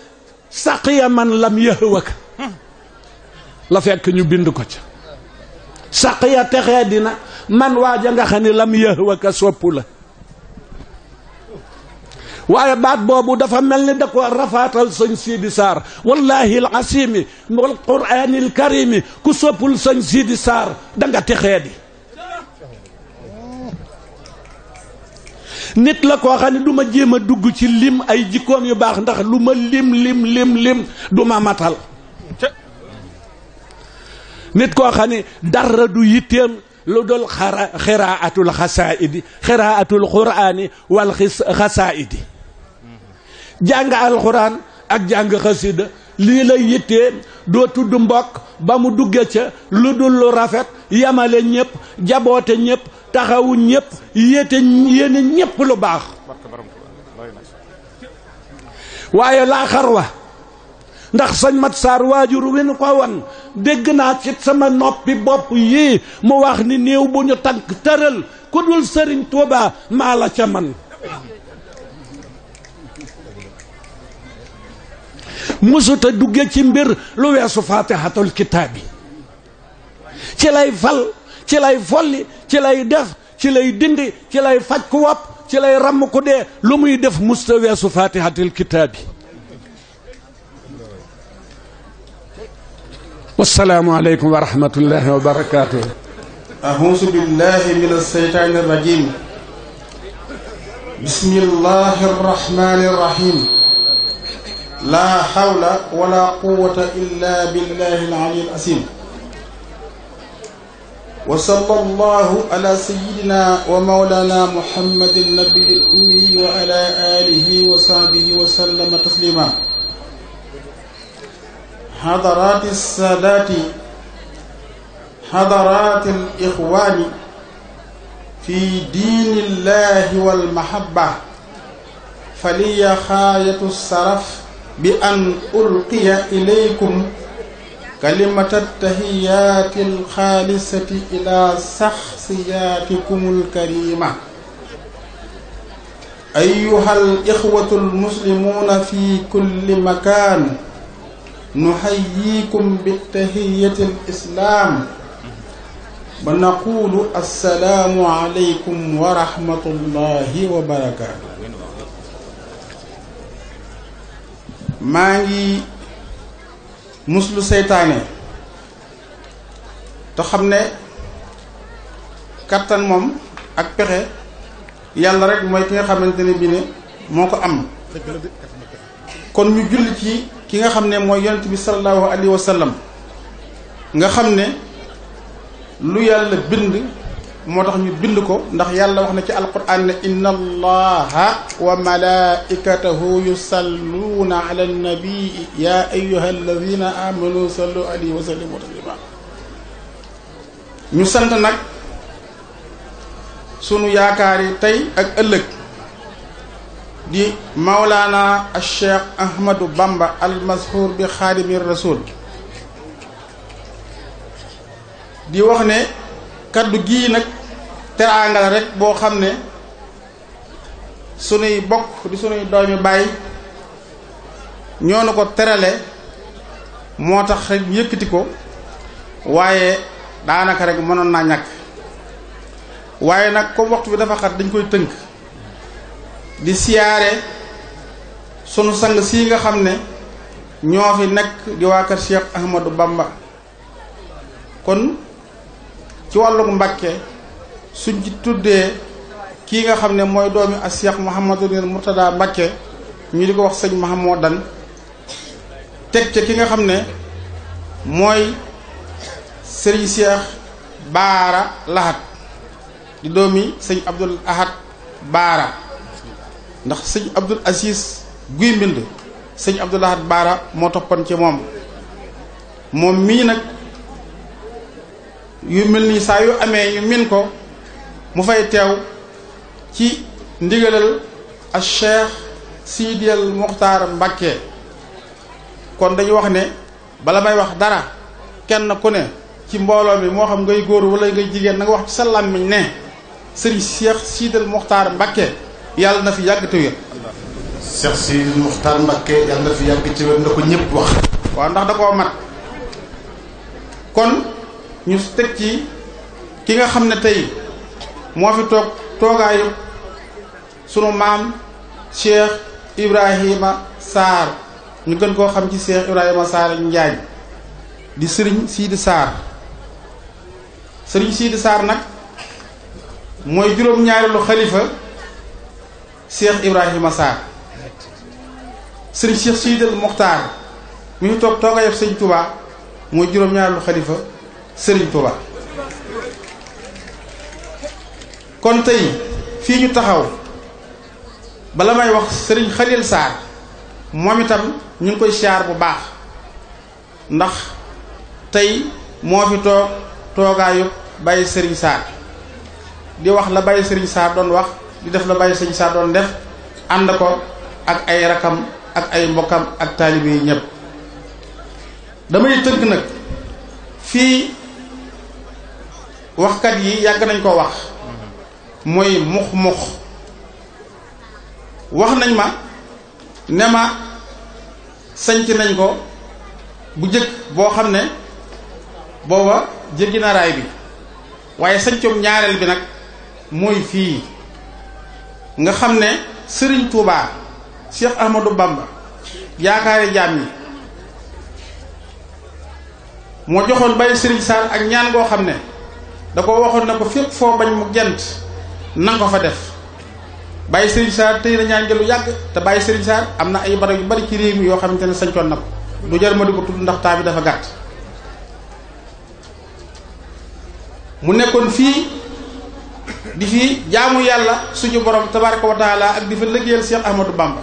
saqiya man lam yëhwak la fekk ñu bind ko ca saqiya texee dina man waaja nga lam yahwa ka soppu la waaye baat boobu dafa mel ni da ko rafaatal sëñ Sidi Sarr wallahi al asimi wal quraanil karimi ku soppul sëñ Sidi Sarr da nga texee di nit la koo xam ne du ma jéem a dugg ci lim ay jikkoom yu baax ndax lu ma lim lim lim lim matal nit koo xam ne dara du yitteem lu dul xiraatul xasaayidi xiraatul quraani wal xasaayidi jàng alxuraan ak jàng xasida lii la yittee doo tudd mbokk ba mu dugge ca lu dul lu rafet yamale ñëpp jaboote ñëpp taxawu ñëpp yéete yéene ñëpp lu baax waaye laa xarwa ndax sañ mat saar waajur wi nu ko wan dégg naa ci sama noppi bopp yii mu wax ni néew bu ñu tànk tëral ku dul sëriñ Tuuba maa la ca man musuta dugge ci mbir lu weesu faatihatul kitaabi ci lay fal ci lay folli ci lay def ci lay dindi ci lay faj ku wopp ci lay ràmm ku dee lu muy def musta weesu faatihatul kitaabi asalaamualeykum wa rahmatullahi wa barakaatu. ahuusu billahi min aseytaani rajim. bismillahi rahmaani rahim. laa hawla wala quwwata illa billahi al-aliyyil aziim. wa sallallahu ala sayyidina wa mawlana muhammadin nabiyil ummi wa ala alihi wa sahbihi wa sallama taslima. xadaraati saadaati xadaraati ixwaani fi diini llahi walmahabba fa liya xaayatu saraf bi an ulqiya ilaykum kalimata tahiyaati alxaalisati ila saxsiyaatikum alkarima ayuha alixwatu almuslimuuna fi kulli makaan نحييكم بتحية الإسلام ونقول السلام عليكم ورحمة الله وبركاته maa ngi muslu seytaane te xam ne kàttan moom ak pexe yàlla rek mooy ki nga xamante ne bi ne moo ko am kon ñu julli ci ki nga xam ne mooy yonent bi sallallahu alayhi wa nga xam ne lu yàlla bind moo tax ñu bind ko ndax yàlla wax na ci alquran ne inna allaha wa ya ayuha alladina amanu sallu alayhi sant nag sunu yaakaar yi tey ak ëllëg di mawlaana al cheikh ahmadu bamba al mazhur bi xaadimi rasul di wax ne kàddu gii nag teraanga la boo xam ne sunuy bokk di sunuy doomi bàyyi ñoo nu ko terale moo tax rek yëkkati ko waaye daanaka rek mënoon naa ñàkk waaye nag comme waxtu bi dafa xat dañ koy tënk di siyaare sunu sang sii nga xam ne ñoo fi nekk di waa kër Cheikh Ahmadou Bamba kon ci wàllug Mbàkke suñ ci tuddee kii nga xam ne mooy doomi ak Cheikh Mouhamadul Mourtada Mbàkke ñu di ko wax sëñ Mahmoudan teg ca ki nga xam ne mooy sëriñ Cheikh Baara Lahat di doomi sëñ Abdul Ahad Baara ndax sëñ Abdul Aziz guy mbind sëñ Abdou Lahad Baara moo toppoon ci moom moom mii nag yu mel nii saa yu amee ñu min ko mu fay teew ci ndigalal a Cheikh Sidiyal Muxtaar mbakke kon dañu wax ne bala may wax dara kenn ku ne ci mbooloo mi moo xam ngay góor wala ngay jigéen na wax ci sa làmmiñ ne sëriñ Cheikh Sidiyal Muxtaar Mbàkke yàlla na fi yàgg te wér. Cheikh Sidi Muxtaar Mbakke yàlla na fi yàgg te wér na ko ñépp wax. waaw ndax da koo mat kon ñu teg ci ki nga xam ne tey moo fi toog toogaayu sunu maam Cheikh Ibrahima saar ñu gën koo xam ci Cheikh Ibrahima Sarr Njaañ di Serigne Sidi Sarr Serigne Sidi Sarr nag mooy juróom-ñaareelu xalifa. Cheikh Ibrahima Sarr sëriñ Cheikh Sidal Mokhtar mi ngi toog tooga yëpp sëñ Touba mooy juróom-ñaareelu xalifa sëriñ Touba kon tey fii ñu taxaw bala may wax sëriñ Khalil Sarr moom itam ñu ngi koy siyaar bu baax ndax tey moo fi toog toogaayu bàyyi sëriñ Sarr di wax la bàyyi sëriñ Sarr doon wax di def la bàyyi sëñ saa doon def ànd ko ak ay rakam ak ay mbokkam ak taalibe yi ñëpp damay tënk nag fii waxkat yi yàgg nañ ko wax mooy mux-mux wax nañ ma ne ma sanc nañ ko bu jëkk boo xam ne booba jéggi na bi waaye sañcoom ñaareel bi nag mooy fii nga xam ne sëriñ Touba Cheikh Ahmadou Bamba yaakaari jaam yi moo joxoon bay sëriñ Saal ak ñaan goo xam ne da ko waxoon na ko fépp foo bañ mu gent nanga ko fa def bàyyi sëriñ Saal tey na ñaan lu yàgg te bàyyi sëriñ Saal am na ay barab yu bari ci réew yoo xamante ne sañcoon na ko du jar ma di ko tudd ndax taa bi dafa gàtt mu nekkoon fii di fi jaamu yàlla suñu borom tabaraka wa taala ak di fa liggéeyal Cheikh Ahmadou Bamba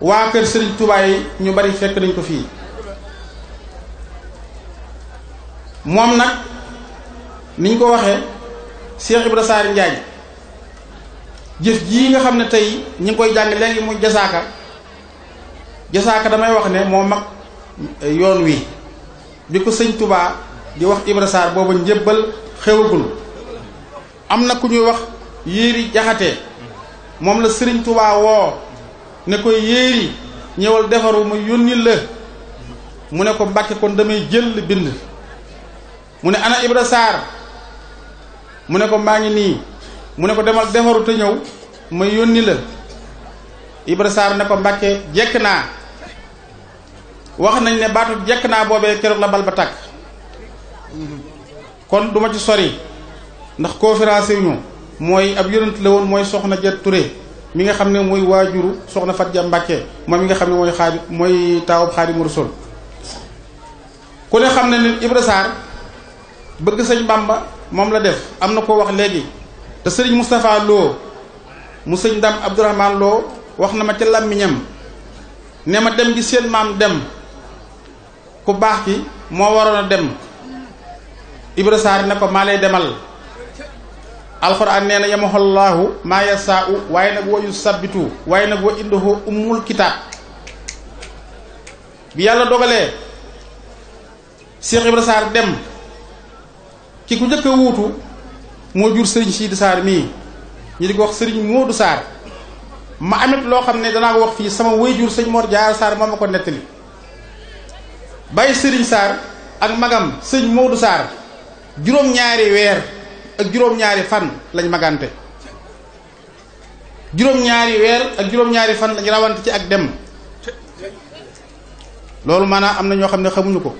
waa kër Serigne Touba yi ñu bari fekk nañ ko fii moom nag niñ ko waxee Cheikh Ibra Saar Njaañ jëf jii nga xam ne tey ñi ngi koy jàng léegi mu jasaaka jasaaka damay wax ne moo mag eh, yoon wi bi ko sëñ tubaa di wax Ibra boobu booba njëbbal xewagul am na ku ñuy wax yéeri jaxate moom la sëriñ Tuubaa woo ne ko yéeri ñëwal defaru ma yónni la mu ne ko mbàkke kon damay jël bind mu ne ana Ibra mu ne ko maa ngi nii mu ne ko demal defaru te ñëw ma yónni la Ibra Sarr ne ko mbàkke jekk naa wax nañ ne baatu jekk naa boobee keroog la bal ba tàkk kon duma ci sori ndax conférence yi ñoom mooy ab yonent la woon mooy soxna jeet ture mi nga xam ne mooy waajuru soxna Fat Ja Mbàkke moom mi nga xam ne mooy xaadi mooy taawub Xaadimu Rasuul ku ne xam ne ne Ibra Sarr bëgg sëñ Bamba moom la def am na ko wax léegi te sëriñ Moustapha Lo mu sëñ Dam Abdourahman Lo wax na ma ca làmmiñam ne ma dem gi seen maam dem ku baax ki moo waroon a dem Ibra Sarr ne ko maa lay demal alxuraan nee na yamaxallaahu maa yasaau waaye nag wa yusabbitu waaye nag wa indahu ummul kitaab bi yàlla dogalee Cheikh Ibra dem ki ku njëkk wuutu moo jur sëriñ Sidi Sarr mii ñu di ko wax sëriñ Modou Sarr ma amit loo xam ne danaa ko wax fii sama jur sëñ Mor Jaar saar moo a ko nettali bàyyi sëriñ Sarr ak magam sëñ Modou Sarr juróom-ñaari weer ak juróom-ñaari fan lañ magante juróom-ñaari weer ak juróom-ñaari fan lañu rawante ci ak dem loolu maanaam am na ñoo xam ne xamuñu ko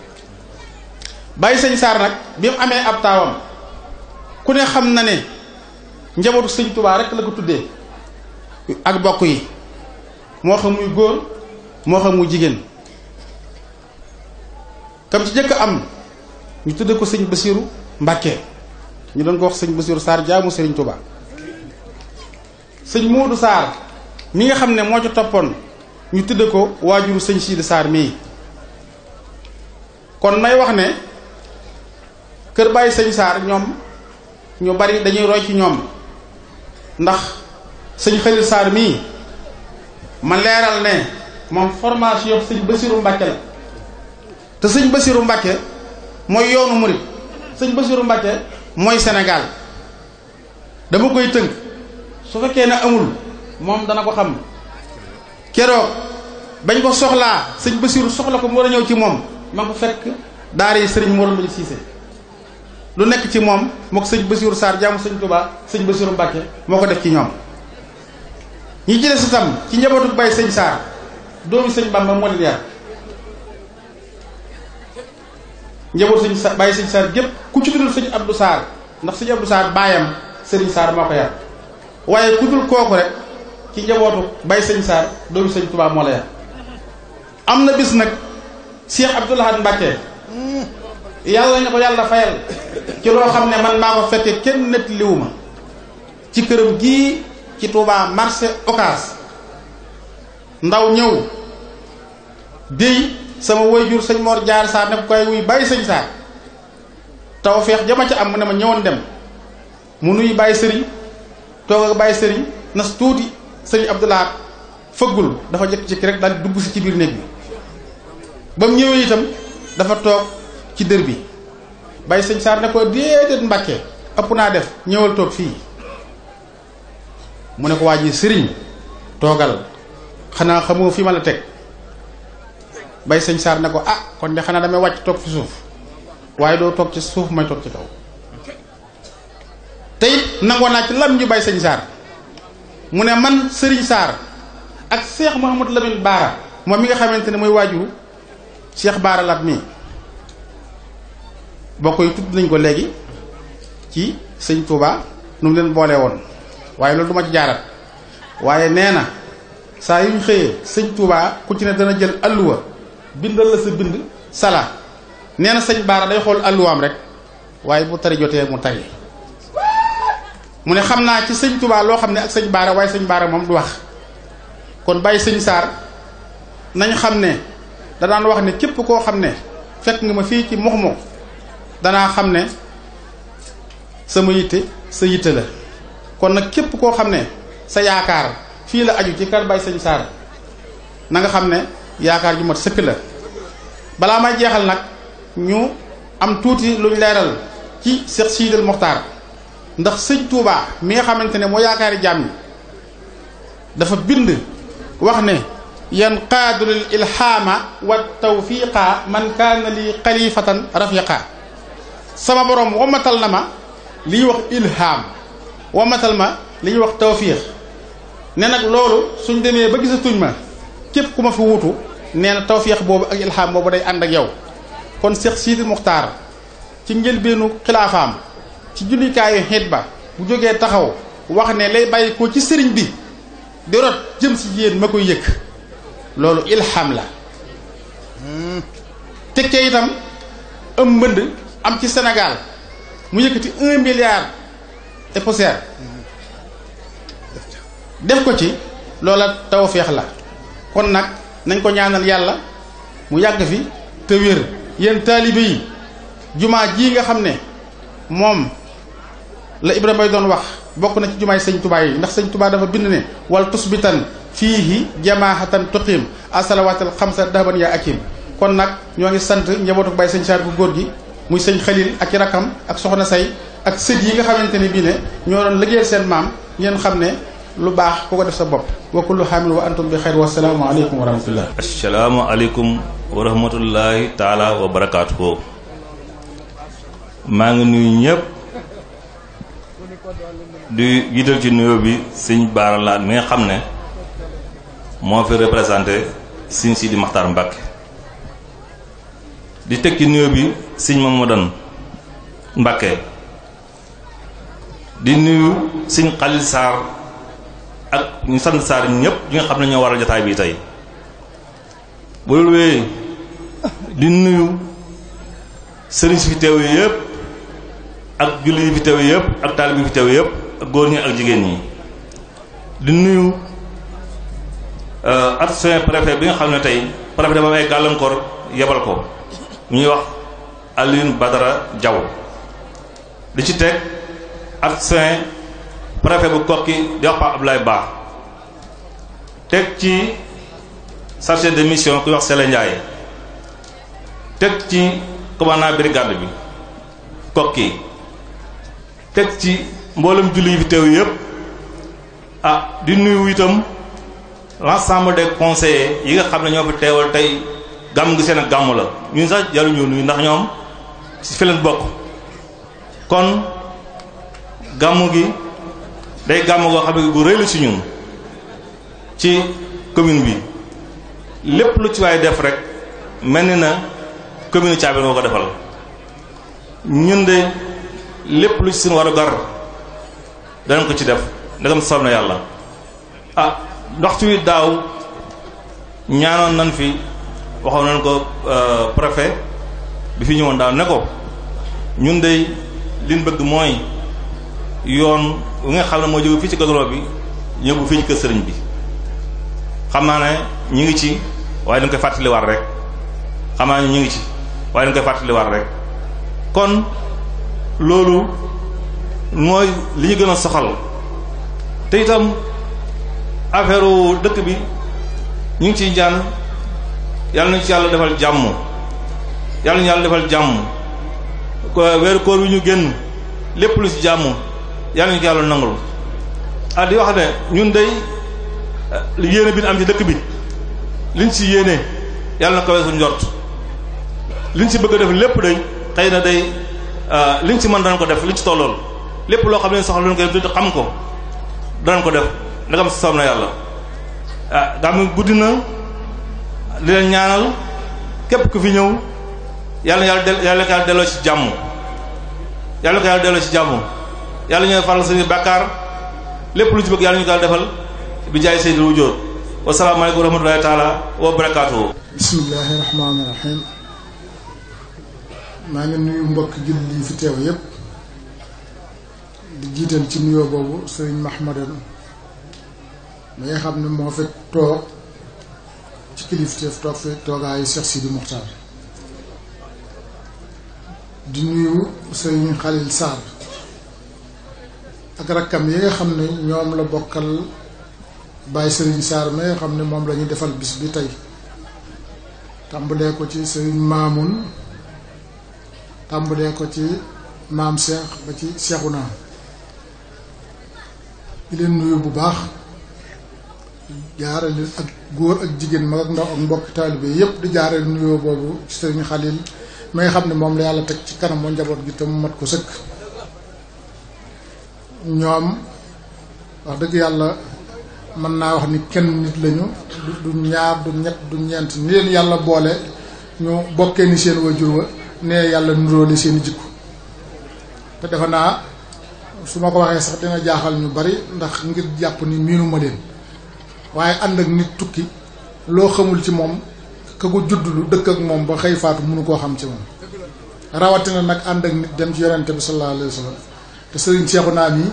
bàyyi sëñ Saar nag bi mu amee ab taawam ku ne xam na ne njabootu sëñ Tuubaa rekk la ko tuddee ak bokk yi moo xam muy góor moo xam muy jigéen kam ci jëkk am ñu tudde ko sëñ Basiiru Mbàkke ñu doon ko wax sëñ Basiru Sarr jaamu sëriñ Touba sëñ Moodu Sarr mi nga xam ne moo ci toppoon ñu tëdd ko waajuru sëñ Sidi Sarr mii kon may wax ne kër bàyyi sëñ Sarr ñoom ñu bari dañuy roy ci ñoom ndax sëñ Xalil Sarr mii ma leeral ne moom formation yëpp sëñ Basiru Mbàkke la te sëñ Basiru Mbàkke mooy yoonu murit sëñ Basiru Mbàkke mooy Sénégal dama koy tënk su fekkee ne amul moom dana ko xam keroog bañ ko soxlaa sëñ Basiru soxla ko mu war ñëw ci moom ma ko fekk daara yi sëriñ Mor Mbay Siise lu nekk ci moom mook sëñ Basiru Sarr jaamu sëñ Tuubaa sëñ Basiru Mbàkke moo ko def ci ñoom ñi ci des itam ci njabootu bay sëñ Sarr doomi sëñ Bamba moo leen yar njaboot sëñ sa bay sëñ Saar gépp ku ci dudul sëñ Saar ndax sëñ Abdou baayam sëriñ Saar moo ko yar waaye ku dul kooku rek ci njabootu bàyyi sëñ Saar doomi sëñ Tuubaa moo la am na bis nag Cheikh Abdoul Ahad Mbacké yàlla na ko yàlla fayal ci loo xam ne man maa ko fekkee kenn nett liwu ma ci këram gii ci Touba marché Ocass ndaw ñëw déy sama wayjur sëñ Mor Jaar Saar ne ko koy wuy bàyyi sëñ Saar feex jama ca am mu ne ma ñëwoon dem mu nuy bàyyi sëriñ toog ak bàyyi sëriñ nas tuuti sëriñ Abdoulaat fëggul dafa jëkk-jëkki rek daal dugg si ci biir néeg bi ba mu ñëwee itam dafa toog ci dër bi bàyyi sëñ Saar ne ko déedéet Mbàkke ëpp naa def ñëwal toog fii mu ne ko waa ji sëriñ toogal xanaa xamoo fi ma la teg bay sëñ Saar ne ko ah kon de xanaa damay wàcc toog fi suuf waaye doo toog ci suuf may toog ci kaw te it naa ci lam ñu bay sëñ Saar mu ne man sëriñ Saar ak seex Mouhamad Lamine Baara moom mi nga xamante ni mooy waajuru seex Baara Lat mii boo koy tudd nañ ko léegi ci sëñ Touba nu mu leen boolee woon waaye loolu duma ci jaarat waaye nee na saa yu ñu xëyee sëñ Touba ku ci ne dana jël alluwa bindal la sa bind sala nee na sëñ baara day xool alluwaam rek waaye bu tari jotee mu tari mu ne xam naa ci sëñ tubaa loo xam ne ak sëñ baara waaye sëñ baara moom du wax kon bàyyi sëñ saar nañ xam ne da daan wax ne képp koo xam ne fekk nga ma fii ci mox mox danaa xam ne sama yitte sa yitte la kon nag képp koo xam ne sa yaakaar fii la aju ci kar bàyyi sëñ saar na nga xam ne yaakaar ju mat sëkk la balaa may jeexal nag ñu am tuuti luñ leeral ci Cheikh Sidil Mokhtar ndax sëñ Touba mi nga xamante ne moo yaakaari jàmm yi dafa bind wax ne yan qaadulil ilhaama wa tawfiqa man kaana li xalifatan rafiqa sama borom wamatal na ma li ñuy wax ilhaam wamatal ma li ñuy wax tawfiq ne nag loolu suñ demee ba gisatuñ ma képp ku ma fi wutu nee na tawféex boobu ak ilham boobu day ànd ak yow kon Cheikh Sidi Muxtaar ci njëlbeenu xilaafaam ci jullikaayu xeet ba bu jógee taxaw wax ne lay bàyyi ko ci sëriñ bi di rot jëm si yéen ma koy yëkk loolu ilham la hmm. tekkee itam am mbënd am ci senegal mu yëkkati un milliard et poussière hmm. def ko ci loola tawféex la kon nag nañ ko ñaanal yàlla mu yàgg fi te wér taalibe yi jumaa jii nga xam ne moom la Ibrahima bay doon wax bokk na ci jumaay sëñ Tuubaa yi ndax sëñ Tuubaa dafa bind ne wal tusbitan fiihi jamaahatan tuqiim asalawaatal xamsa dahaban yaa akim kon nag ñoo ngi sant njabootu bay sëñ saar bu góor gi muy sëñ Xalil ak i rakkam ak soxna say ak sët yi nga xamante ne bii ne ñoo doon liggéeyal seen maam ngeen xam ne lu baax ku ko def sa bopp wa kullu xaamil wa antum bi xeyr wa salaamu aleykum wa rahmatullah wa rahmatullahi taala maa ngi nuyu ñëpp di jiital ci nuyoo bi sëñ Baara Laat nga xam ne moo fi représenté sëñ Sidi Maxtaar Mbàkke di teg ci nuyoo bi sëñ Mamadou Mbàkke di nuyu sëñ Xalil Sarr ak ñu sant saar ñëpp ñi nga xam ne ñoo waral jotaay bi tey bu di nuyu sëriñ si fi teew yëpp ak julli yi fi teew yëpp ak taalib yi fi teew yëpp góor ñi ak jigéen ñi di nuyu euh, adjoint préfet bi nga xam ne tey préfet dafa am gàllankoor yebal ko ñuy wax Alioune Badara Diaw di ci teg préfet bu kokki di wax Pape Abdoulaye Ba teg ci chargé de mission ku wax Sele Ndiaye teg ci commandant brigade bi kokki teg ci mboolam julli yi fi teew yëpp ah di nuyu itam l'ensemble de conseiller yi nga xam ne ñoo fi teewal tey gàmm gi seen ak gàmm la ñun sax jaruñu nuyu ndax ñoom ci fi bokk kon gàmm gi day gàmm goo xam ne gu rëy ci ñun ci commune bi lépp lu ci waay def rek mel ni na commune Thiamène moo ko defal ñun de lépp lu ci seen war a ko ci def ndegam soob na yàlla ah waxtu wi daaw ñaanoon nañ fi waxoon nañ ko euh, préfet bi fi ñëwoon daaw ne ko ñun de liñ bëgg mooy yoon wi nga xam ne moo jóge fii ci godoro bi ñëw fii ci kër sëriñ bi xam naa ne ñu ngi ci waaye dañ koy fàttaliwaat rek xam naa ne ñu ngi ci waaye dañ koy fàttaliwaat rek kon loolu mooy li ñu gën a soxal te itam affaire dëkk bi ñu ngi ciy jaan yàlla nañu ci yàlla defal jàmm yàlla nañu yàlla defal jàmm weeru koor wi ñu génn lépp lu ci jàmm yàlla ñu ko yàlla nangul ah di wax ne ñun day eh, yéene bi ñu am ci dëkk bi liñ ci yéene yàlla na ko weesu njort liñ ci bëgg def lépp day xëy na day ah, liñ ci mën danañ ko def liñ ci tollool lépp loo xam ne soxla nañ ko def te xam ko danañ ko def ndagam na yàlla ah guddi na di leen ñaanal képp ku fi ñëw yàlla yàlla yàlla ko yàlla delloo ci jàmm yàlla ko yàlla delloo ci jàmm yàlla ñooy faral suñu bàkkaar lépp lu ci bëgg yàlla ñu daal defal bi jaay Seydil Wujuud wasalaamaaleykum wa rahmatulahi taala wa barakaatuhu bismillahi rahmaani rahim maa ngi nuyu mbokk jullit yi fi teew yépp di jiital ci nuyoo boobu sëriñ Mahmadan mi nga xam ne moo fi toog ci kilifteef toog fi toogaayu Cheikh Sidi Muxtaar di nuyu sëriñ Xalil Sarr ak rakkam yi nga xam ne ñoom la bokkal bàyyi Serigne saar ma nga xam ne moom lañuy defal bis bi tey tàmbalee ko ci Serigne Mamoun tàmbalee ko ci maam Cheikh ba ci Cheikhouna di leen nuyu bu baax jaarale leen ak góor ak jigéen mag ak ndaw ak mbokk taalibe yépp di jaarale nuyoo boobu Serigne Khalil ma nga xam ne moom la yàlla teg ci kanamu njaboot gi te mu mat ko sëkk. ñoom wax dëgg yàlla mën naa wax ni kenn nit lañu du ñaar du ñett du ñeent ni leen yàlla boole ñu bokkee ni seen wajur wa nee yàlla nuróole seen jikko te defe naa su ma ko waxee sax dina jaaxal ñu bari ndax ngir jàpp ni miinu ma leen waaye ànd ak nit tukki loo xamul ci moom ka ko judd lu dëkk ak moom ba xëy faatu mënu koo xam ci moom rawatina nag ànd ak nit dem ci yonente bi sallallahu alayhi wa sallam te sëriñ Seexuna mi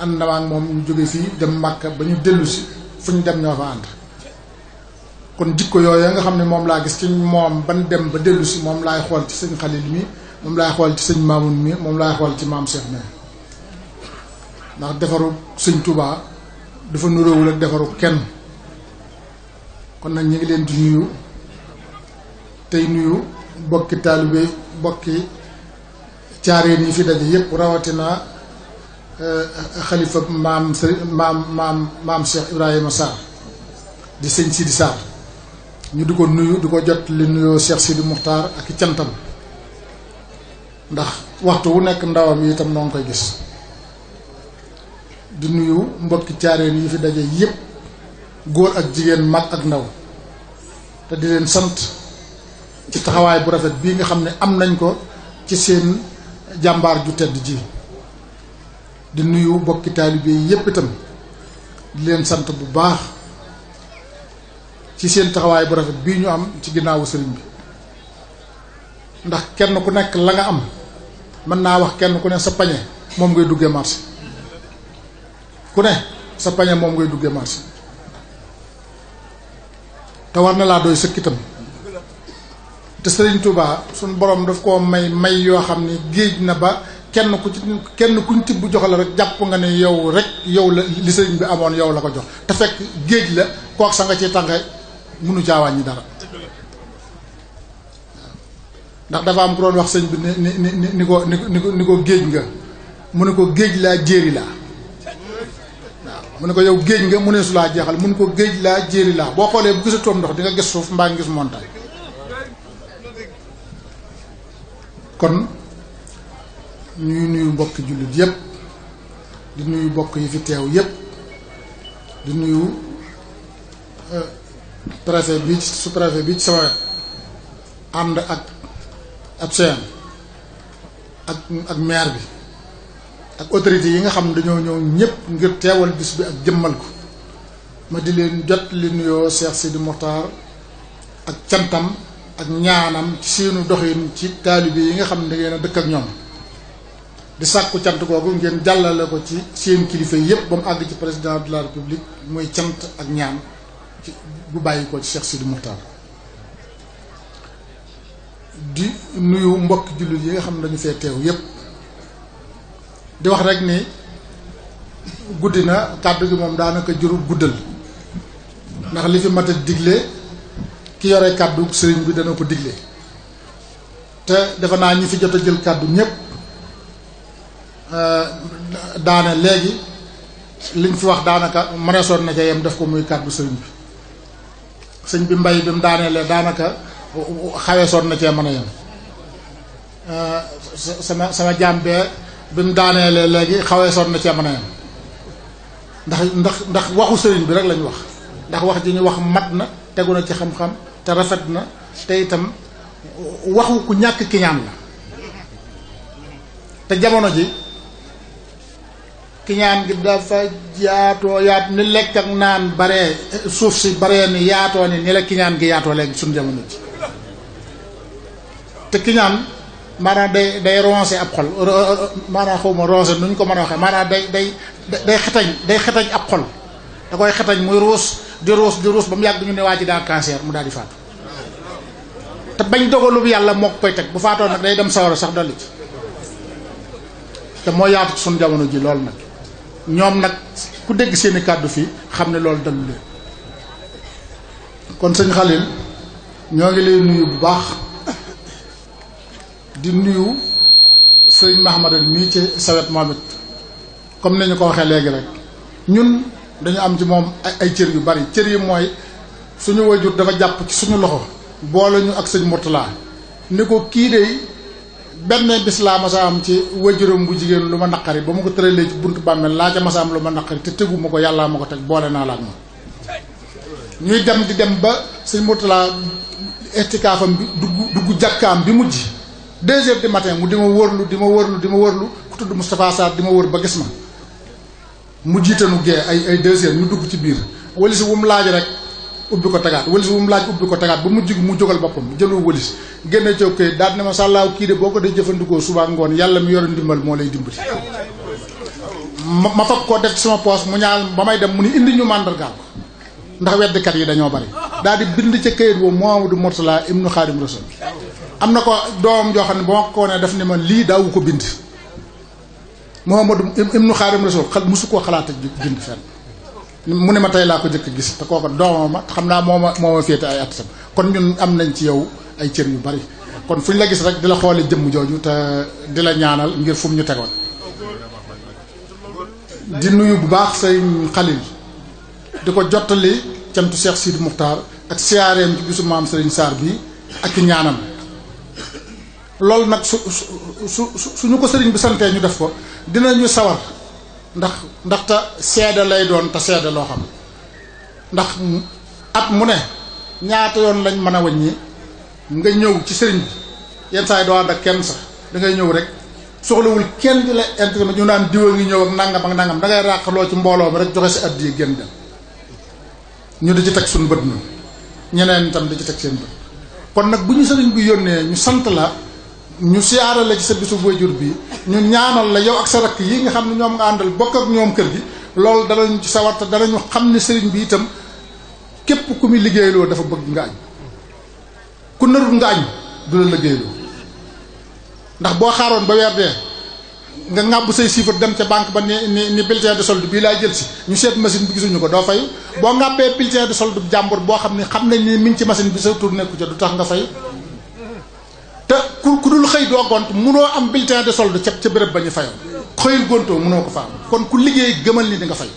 ànd na ak moom ñu jóge fii dem Màkka ba ñu dellu si fu ñu dem ñoo fa ànd kon jikko yooyu nga xam ne moom laa gis ci moom ban dem ba dellu si moom laay xool ci sëñ Xalil mi moom laay xool ci sëñ Maamun mi moom laay xool ci maam Cheikh mi ndax defaru sëñ Touba dafa nuróowul ak defaru kenn kon nag ñu ngi leen di nuyu tey nuyu bokki taalibe bokki caaréen ñi fi daje yépp rawatina euh, xalifa maam sëriñ maam maam maam Cheikh Ibrahima Sarr di sëñ Sidi Sarr ñu di ko nuyu di ko jot li nuyoo Cheikh Sidi Muxtaar ak cantam ndax waxtu wu nekk ndawam yi itam noo ngi koy gis di nuyu mbokki caareen yi fi daje yépp góor ak jigéen mag ak ndaw te di leen sant ci taxawaay bu rafet bii nga xam ne am nañ ko ci seen jàmbaar ju tedd ji di nuyu bokki taalibe yi yépp itam di leen sant bu baax ci seen taxawaay bu rafet bii ñu am ci ginnaawu sëriñ bi ndax kenn ku nekk la nga am mën naa wax kenn ku ne sa pañe moom ngay duggee marché ku ne sa pañe moom ngay duggee marché te war na laa doy sëkkitam te Serigne Touba suñu borom daf koo may may yoo xam ne géej na ba kenn ku ci kenn kuñ tibb jox la rek jàpp nga ne yow rek yow la li sëriñ bi amoon yow la ko jox te fekk géej la kook sa nga ci tànga munu caawaan ñi dara ndax dafa am ku doon wax sëñ bi ni ni ni ni ko ni ko ni ko géej nga mu ne ko géej laa jéeri laa waaw mu ne ko yow géej nga mu ne su laa jeexal mu ne ko géej laa jéeri laa boo xoolee bu gisa toom ndox di nga gis suuf mbaa ngi gis montagne kon ñuy nuyu mbokki jullit yépp di nuyu mbokk yi fi teew yépp di nuyu euh, préfet bi ci sous-préfet sama ànd ak ab CM ak ak maire bi ak autorités yi nga xam ne dañoo ñëw ñëpp ngir teewal bis bi ak jëmmal ko ma di leen jot li nuyoo Cheikh Sidi Mokhtar ak cantam ak ñaanam ci seenu doxin ci taalibe yi nga xam ne da ngeen a dëkk ak ñoom di sàkku cant googu ngeen jàllale ko ci seen kilifa yépp ba mu àgg ci président de la république muy cant ak ñaan ci bu bàyyi ko ci Cheikh Sidi Moukhtar di nuyu mbokk jullit yi nga xam ne dañu fee teew yépp di wax rek ni guddi na kàddu gi moom daanaka jurub guddal ndax li fi mat a digle ki yore kàddu sëriñ bi dana ko digle te defe naa ñi fi jot a jël kàddu ñépp euh, daana léegi liñ fi wax daanaka mëneesoon na ca yem def ko muy kàddu sëriñ bi sëñ bi mbay bi mu daanaka daanaka xaweesoon na cee mën a yem euh, sama sama jaam bee bi mu daaneele léegi xaweesoon na cee mën a ndax ndax ndax waxu sëriñ bi rek lañu wax ndax wax ji ñu wax mat na tegu na ci xam-xam te rafet na te itam waxu ku ñàkk kiñaan la te jamono ji kiñaan gi dafa yaatoo yaat ni lekk ak naan baree suuf si baree ni yaatoo ni ni la kiñaan gi yaatoo léegi suñ jamono ji te kiñaan maanaam day day roncé ab xol maanaam xawma roncé nu ñu ko mën a waxee maanaam day day day xetañ day xetañ ab xol da koy xetañ muy ruus di ruus di ruus ba mu yàgg ñu ne waa ji daa cancer mu daal di faatu te bañ dogalub yàlla moo koy teg bu faatoo nag day dem sawara sax dolli ci te moo yaatu ci jamono ji loolu nag ñoom nag ku dégg seeni kàddu fii xam ne loolu dalu leen kon sëñ Xalil ñoo ngi lay nuyu bu baax di nuyu sëñ Mahamadan mii ci sawet moom it comme ni ñu ko waxee léegi rek dañu am ci moom ay cër yu bari cër yi mooy suñu wajur dafa jàpp ci suñu loxo boole ñu ak sëñ Mourtala ni ko kii de benn bis laa sa am ci wajuram bu jigéen lu ma naqari ba mu ko tëralee ci buntu bàmmeel laa ma sa am lu ma naqari te tegu ma ko yàllaa ma ko teg boole naa la ak ñuy dem di dem ba sëñ Mourtala estikaafam bi dugg dugg jàkkaam bi mujj deux di du matin mu di ma wërlu di ma wërlu di ma wërlu ku tudd Moustapha Sarr di ma wër ba gis mu jiitanu gee ay ay deuxième ñu dugg ci biir wëlis wu mu laaj rek ubbi ko tagaat wëlis wu mu laaj ubbi ko tagaat ba mu jig mu jógal boppam jëlu wëlis génne coow kayit daal ne ma sàllaaw kii de boo ko dee jëfandikoo suba ngoon yàlla mi yore ndimbal moo lay dimbali ma ma fab koo def ci sama poos mu ñaal ba may dem mu ni indi ñu màndargaal ko ndax weddikat yi dañoo bari daal di bind ca kayit boobu Muhammadu Murtala ibnu Xaadim Rasul am na ko doom joo xam ne ba ma ko ne def lii daawu ko bind Muhammadu ibnu Xaadim Rasul xel musu koo xalaat bind fenn mu ne ma tey laa ko jëkk gis te kooka doomam ma xam naa moo ma moo ma féete ay at sam kon ñun am nañ ci yow ay cër yu bari kon fu ñu la gis rek di la xoole jëmm jooju te di la ñaanal ngir fu ñu tegoon nuyu bu baax sëñ Xalil di ko jottali cantu Cheikh Sidi Muxtaar ak siyaareem ci bisu maam Serigne Sarr bi ak ñaanam loolu nag su su su suñu ko sëriñ bi santee ñu def ko dinañu sawar ndax ndax te seede lay doon te seede loo xam ndax at mu ne ñaata yoon lañ mën a wàññi nga ñëw ci sëriñ bi yenn saa yi doo ànd ak kenn sax dangay ñëw rek soxlawul kenn di la intérêt ñu naan diwa ngi ñëw ak nangam ak nangam dangay ràqloo ci mbooloo mi rek joxe si addiya génn dem ñu di ci teg suñu bët ñu ñeneen tam di ci teg seen bët kon nag bu ñu sëriñ bi yónnee ñu sant la ñu siyaara la ci sa bisu waajur bi ñu ñaanal la yow ak sa rakk yi nga xam ne ñoom nga àndal bokk ak ñoom kër gi loolu danañ ci sawar te danañu xam ne sëriñ bi itam képp ku muy liggéeyloo dafa bëgg nga añ ku narul nga añ du la liggéeyloo ndax boo xaaroon ba weer dee nga ŋàbb say chiffre dem ca banque ba ni ni ni bulletin de solde bii laay jël si ñu seet machine bi gisuñu ko doo fay boo ŋàbbee bulletin de solde jàmbur boo xam ne xam nañ ni mi ngi ci machine bi sa tur nekku tax nga fay te ku ku dul xëy doo gont munoo am bulletin de solde ca ca béréb ba ñu fayoon xëyul gontoo munoo ko fa am kon ku liggéey gëmal ni di nga fay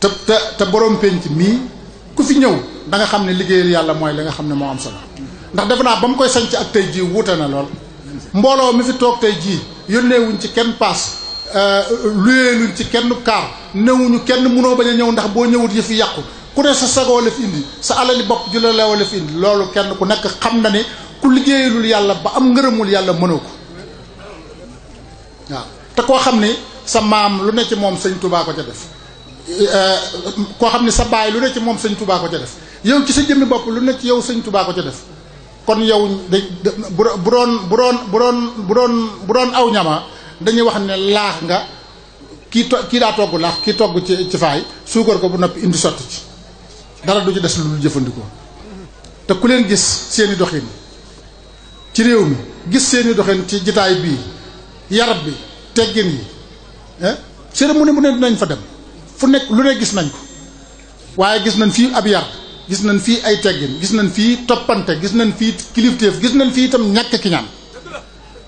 te te te borom penc mii ku fi ñëw da nga xam ne liggéeyal yàlla mooy li nga xam ne moo am solo ndax defe naa ba mu koy ci ak tey jii wuute na lool mbooloo mi fi toog tey jii yónneewuñ ci kenn paas euh, luyeeluñ ci kenn kaar newuñu kenn mënoo bañ a ñëw ndax boo ñëwut yëf fi yàqu ku ne sa sagoo la fi indi sa alali bopp ju la leew la fi indi loolu kenn ku nekk xam na ne ku liggéeyalul yàlla ba am ngërëmul yàlla mënoo ko waaw te koo xam ne sa maam lu ne ci moom sëñ tubaa ko ca def eh, koo xam ne sa baay lu ne ci moom sëñ tubaa ko ca def yow ci sa jëmmi bopp lu ne ci yow sëñ tubaa ko ca def kon yow da bu doon bu doon bu doon bu doon bu doon aw ñama dañuy wax ne laax nga kii to kii daa togg laax kii togg ci ci faay suukar ko bu noppi indi sotti ci dara du ci des lu jëfandikoo te ku leen gis seeni doxin ci réew mi gis seeni doxin ci jitaay bii yarab bi teggin yi cérémonie mu ne mu ne dinañ fa dem fu nekk lu ne gis nañ ko waaye gis nañ fii ab yar gis nañ fii ay teggin gis nañ fii toppante gis nañ fii kilifteef gis nañ fii itam ñàkk ki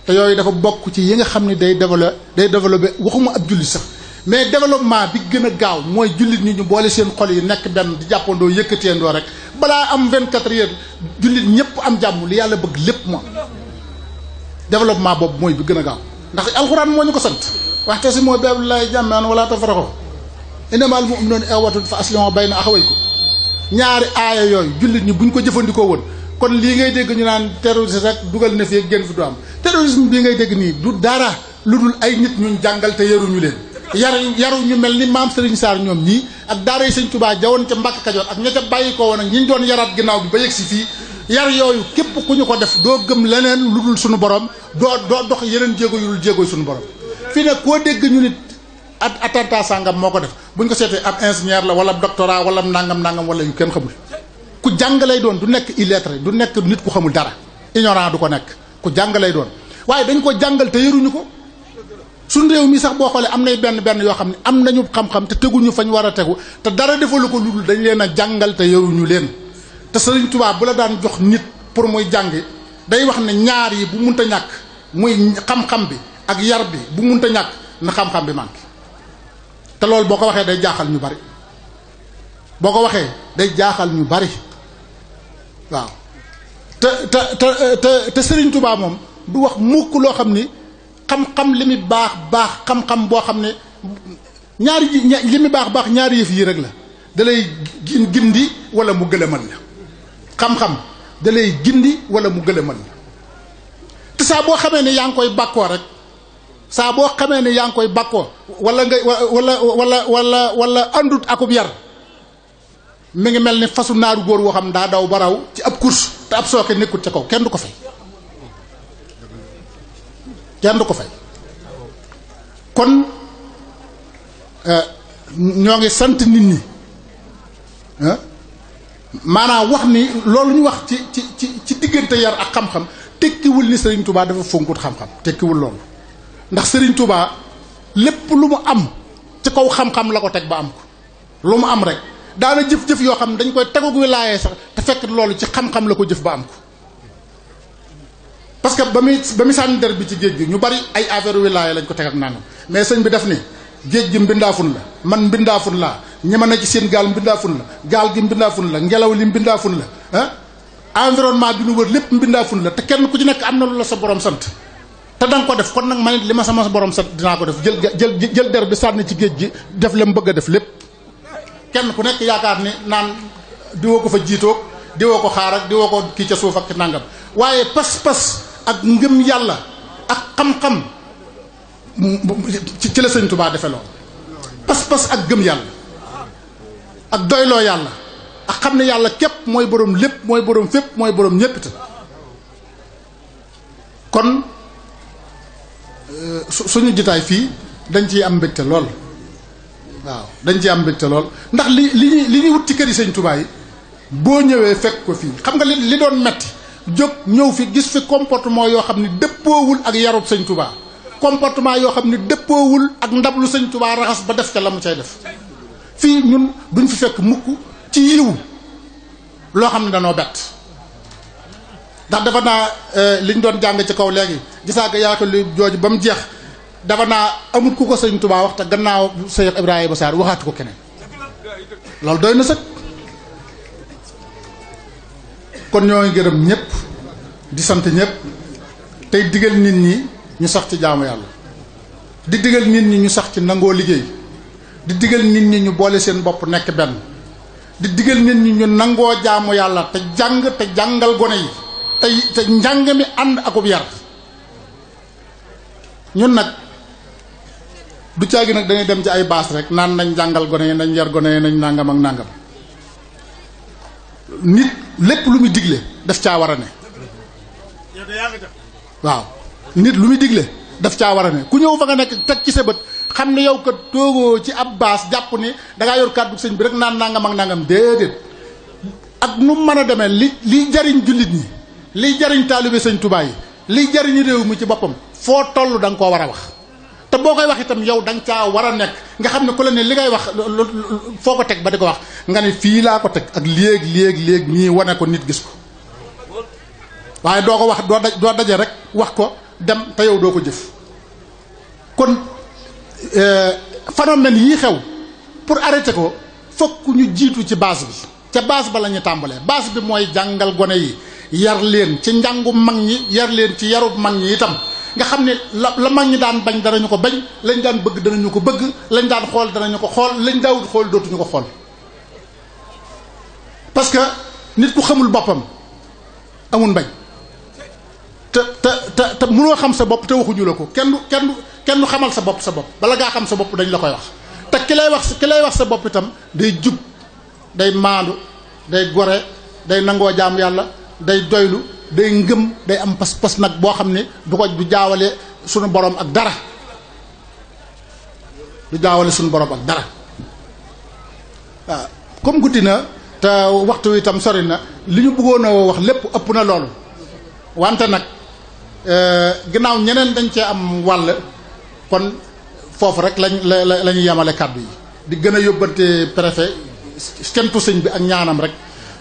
te yooyu dafa bokk ci yi nga xam ne day développé day développé waxuma ab julli sax mais développement bi gën a gaaw mooy jullit ñi ñu boole seen xol yi nekk benn di jàppandoo yëkkateendoo rek balaa am quatre heures jullit ñëpp am jàmm li yàlla bëgg lépp moom développement boobu mooy bi gën a gaaw ndax alxuraan moo ñu ko sant waxte si moo beebu lay jàmmaan wala tafaraxoo innamal mu'minuuna ixwatun fa na bayna ko ñaari aaya yooyu jullit ñi buñ ko jëfandikoo woon kon lii ngay dégg ñu naan terrorisme rek dugal na fi génn fi am terrorisme bii ngay dégg nii du dara lu ay nit ñun jàngal te yaruñu leen yar yaru ñu mel ni maam Serigne Sarr ñoom ñii ak daaray Sëñ Tubaa jawoon ca Mbàkke Kajoor ak ña ca bàyyi ko woon ak ñi ñu doon yaraat ginnaaw bi ba yegg si fii yar yooyu képp ku ñu ko def doo gëm leneen lu dul suñu borom doo doo dox yeneen jéego yu dul jéego suñu borom fii nag koo dégg ñu nit at attentat sàngam moo ko def bu ñu ko seetee ab ingénieur la wala doctorat wala nàngam nangam wala yu kenn xamul ku jàng lay doon du nekk illettré du nekk nit ku xamul dara ignorant du ko nekk ku jàng doon waaye dañ ko jàngal te ko suñ réew mi sax boo xoolee am nay benn benn yoo xam ne am nañu xam-xam te teguñu fañ war a tegu te dara defalu ko ludul dañ leen a jàngal te yoruñu leen te Sëriñ tubaab bu la daan jox nit pour muy jàng day wax ne ñaar yi bu munta ñàkk muy xam-xam bi ak yar bi bu munta ñàkk na xam-xam bi manqué te loolu boo ko waxee day jaaxal ñu bari boo ko waxee day jaaxal ñu bari waaw te te te te Sëriñ Tuubaa moom du wax mukk loo xam ni xam-xam li mu baax baax xam-xam boo xam ne ñaari li mu baax baax ñaari yëf yii rek la da lay gindi wala mu gëlëmal la xam-xam da gindi wala mu gëlëmal la te saa boo xamee ne yaa ngi koy bàkkoo rek saa boo xamee ne yaa ngi koy bàkkoo wala nga wala wala wala wala andut akub yar mi ngi mel ni fasu naaru góor woo xam daa daw baraw ci ab course te ab sooke nekkut ci kaw kenn du ko fay kenn du ko fay kon euh, ñoo ngi sant nit ñi maanaam wax ni loolu ñu wax ci ci ci ci diggante yar ak xam-xam tekkiwul ni sëriñ Touba dafa fonkut xam-xam tekkiwul loolu ndax sëriñ Touba lépp lu mu am ci kaw xam-xam la ko teg ba am ko lu mu am rek daana jëf-jëf yoo xam ne dañ koy tegug wilaayee sax te fekk loolu ci xam-xam la ko jëf ba am ko parce que ba muy ba muy sànni der bi ci géej gi ñu bari ay affaire wilaaya lañ ko teg ak nangam mais sëñ bi def ni géej gi mbindaafun la man mbindaafun laa ñi ma ne ci seen gaal mbindaafun la gaal gi mbindaafun la ngelaw li mbindaafun la ah environnement bi ñu wër lépp mbindaafun la te kenn ku ci nekk am na la sa borom sant te da nga ko def kon nag ma ne li ma sama borom sant dinaa ko def jël jël jël der bi sànni ci géej gi def la mu bëgg a def lépp kenn ku nekk yaakaar ni naan diwoo ko fa jiitoog diwoo ko xaar ak diwoo ko kii ca suuf ak nangam ak ngëm yàlla ak xam-xam ci la sëñ Tuubaa defe lool pas-pas ak gëm yàlla ak doyloo yàlla ak xam ne yàlla képp mooy boroom lépp mooy boroom fépp mooy boroom ñéppita kon euh, suñu jitaay fii dañ ciy am mbégte lool waaw dañ ciy am mbégte lool ndax li li ñuy li ñuy wut ci kër yi sëñ Tuubaa yi boo ñëwee fekk ko fii xam nga li li doon metti jóg ñëw fi gis fi comportement yoo xam ne dëppoowul ak yarub sëñ tubaa comportement yoo xam ne dëppoowul ak ndablu sëñ tubaa raxas ba def ca la mu cay def fii ñun duñ fi fekk mukk ci yiw loo xam ne danoo bett ndax dafa naa euh, li ñu doon jàng ci kaw léegi gisaa ko yaa ko lu jooju ba mu jeex dafa naa amul ku ko sëñ tubaa wax te gannaaw Cheikh Ibrahima Sarr waxaatu ko keneen loolu doy na sëkk kon ñoo ngi gërëm ñëpp di sant ñëpp tey digal nit ñi ñu sax ci jaamu yàlla di digal nit ñi ñu sax ci nangoo liggéey di digal nit ñi ñu boole seen bopp nekk benn di digal nit ñi ñu nangoo jaamu yàlla te jàng te jàngal gone yi tey te njàng mi ànd akub yar ñun nag du caagi nag dañuy dem ci ay baas rek naan nañ jàngal gone yi nañ yar gone yi nañ nàngam ak nàngam nit lépp lu muy digle daf caa war a ne waaw nit lu muy digle daf caa war a ne ku ñëw fa nga nekk teg ci sa bët xam ne yow kat toogoo ci ab baas jàpp ni dangaa yor kàddu sëñ bi rek naan nangam ak nangam déedéet ak nu mën a demee li liy jariñ jullit ñi liy jariñ taalibe sëñ tubaay yi liy jariñ réew mi ci boppam foo toll da nga koo war a wax te boo koy wax itam yow danga nga caa war a nekk nga xam ne ku la ne li ngay wax foo ko teg ba di ko wax nga ne fii laa ko teg ak léeg léeg léeg nii wane ko nit gis ko waaye doo ko wax doo daj doo daje rek wax ko dem te yow doo ko jëf kon euh, phénomène yii xew pour arrêter ko fokk ñu jiitu ci base bi ca base ba la ñu tàmbalee base bi mooy jàngal gone yi yar leen ci njàngu mag ñi yar leen ci yarub mag ñi itam nga xam ne la la ñi daan bañ danañu ko bañ lañ daan bëgg danañu ko bëgg lañ daan xool danañu ko xool lañ daawut xool dootuñu ko xool parce que nit ku xamul boppam amul bañ te te te te mënoo xam sa bopp te waxuñu la ko kenn kenn kenn xamal sa bopp sa bopp bala ngaa xam sa bopp dañ la koy wax te ki lay wax ki lay wax sa bopp itam day jub day maandu day gore day nangoo jaam yàlla day doylu day ngëm day am pas-pas nag boo xam ne du ko du jaawale suñu borom ak dara du jaawale suñu borom ak dara waaw comme guddi na te waxtu wi itam sori na li ñu bëggoon a wax lépp ëpp na loolu wante nag euh, ginnaaw ñeneen dañ cee am wàll kon foofu rek lañ la la ñu yemale kàddu yi di gën a yóbbante préfet kentu sëñ bi ak ñaanam rek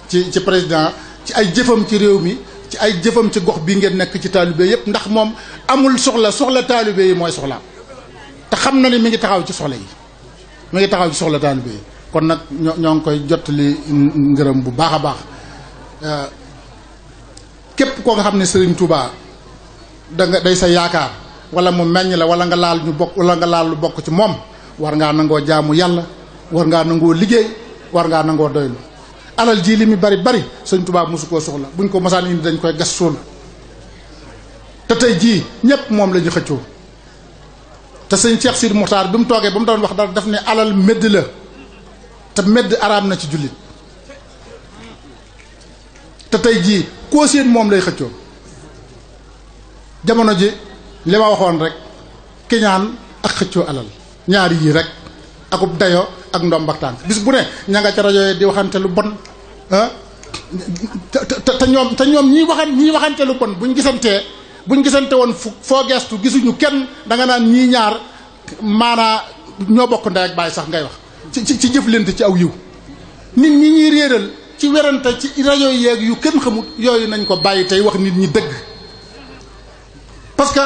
ci ci président ci ay jëfam ci réew mi ci ay jëfam ci gox bi ngeen nekk ci taalibe yëpp ndax moom amul soxla soxla taalibe yi mooy soxlaam te xam na ni mi ngi taxaw ci soxla yi mi ngi taxaw ci soxla taalibe yi kon nag ñoo ñoo ngi koy jottali ngërëm bu baax a baax euh, képp koo nga xam ne sëriñ tubaa da dey day sa yaakaar wala mu meññ la wala nga laal ñu bokk wala nga laal lu bokk ci moom war ngaa nangoo jaamu yàlla war ngaa nangoo liggéey war ngaa nangoo doylu alal jii li muy bari bari sëñ Tuubaa mosu koo soxla buñ ko mosaan indi dañ koy gas suul te tey jii ñépp moom la ñu xëccoo te sëñ Cheikh Sidi Moxtaar bi mu toogee ba mu doon wax dara daf ne alal medd la te medd araam na ci jullit te tey jii koo seen moom lay xëccoo jamono ji li ma waxoon rek keñaan ak xëccoo alal ñaar yii rek akub dayo ak ndoom ak tànk bis bu ne ña nga ca rajo di waxante lu bon ah te te ñoom te ñoom ñii waxan ñii waxante lu bon buñ gisantee buñ gisante woon fu foo geestu gisuñu kenn danga naan ñii ñaar maanaa ñoo bokk ndey ak bàyyi sax ngay wax ci ci leen jëflante ci aw yiw nit ñi ñuy réeral ci werante ci rajo yeeg yu kenn xamut yooyu nañ ko bàyyi tey wax nit ñi dëgg parce que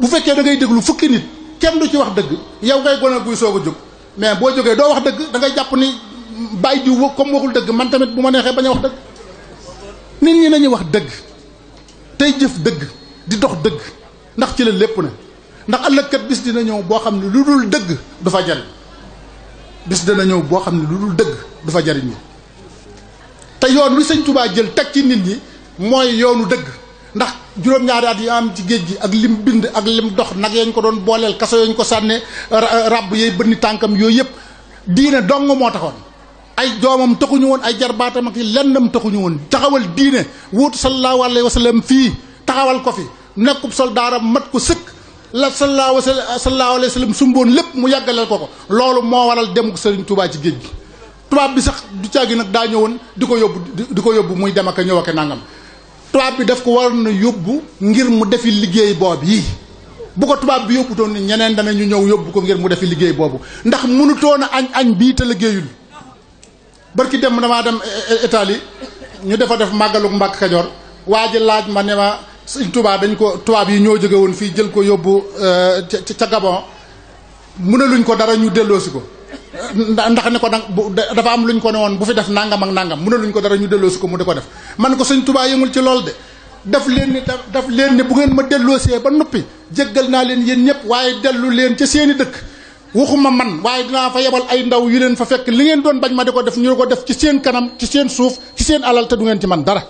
bu fekkee da ngay déglu fukki nit kenn du ci wax dëgg yow ngay gone guy soog a jóg mais boo jógee doo wax dëgg da ngay jàpp ni bàyyi jiw comme waxul dëgg man tamit bu ma neexee bañ a wax dëgg nit ñi nañuy wax dëgg tey jëf dëgg di dox dëgg ndax ci la lépp na ndax ëllëg bis dina ñëw boo xam ne lu dul dëgg du fa jariñ bis dina ñëw boo xam ne lu dul dëgg du fa jariñ te yoon lu sëñ Tuubaa jël teg ci nit ñi mooy yoonu dëgg ndax juróom-ñaari at yi am ci géej gi ak lim bind ak lim dox nag yañ ko doon booleel kaso yañ ko sànnee ràbb yooyu bënni tànkam yooyu yëpp diine dong moo taxoon ay doomam taxuñu woon ay jarbaatam ak lennam taxuñu woon taxawal diine wuutu sallallahu alayhi wa sallam fii taxawal ko fi nekkub soldaaram mat ko sëkk la sallallahu alayhi wa sallam sumboon lépp mu yàggaleel ko ko loolu moo waral dem ko Serigne Touba ci géej gi tubaab bi sax du caagi nag daa ñëwoon di ko yóbbu di ko yóbbu muy dem ak a ñëw ak a tubaab bi daf ko waroon na yóbbu ngir mu defi liggéey boobu yi bu ko tubaab bi yóbbutoon ni ñeneen dana ñu ñëw yóbbu ko ngir mu defi liggéey boobu ndax mënutoon na añ añ bii te liggéeyul ki dem damaa dem e, e, e, Italie ñu defa def màggaluk Mbàkke Kajoor waa ji laaj ma ne ma sëñ tubaab dañ ko tubaab yi ñoo jóge woon fii jël ko yóbbu ca Gabon mënaluñ ko dara ñu delloosi ko ndax ne ko dafa am luñ ko ne woon bu fi def nangam ak nangam mu ne luñ ko dara ñu delloosi ko mu di ko def man ko sëñ Tuubaa yëngul ci lool de daf leen ni daf leen ni bu ngeen ma delloosee ba noppi jéggal naa leen yéen ñëpp waaye dellu leen ca seeni dëkk waxuma man waaye dinaa fa yebal ay ndaw yu leen fa fekk li ngeen doon bañ ma di ko def ñu ko def ci seen kanam ci seen suuf ci seen alal te du ngeen ci man dara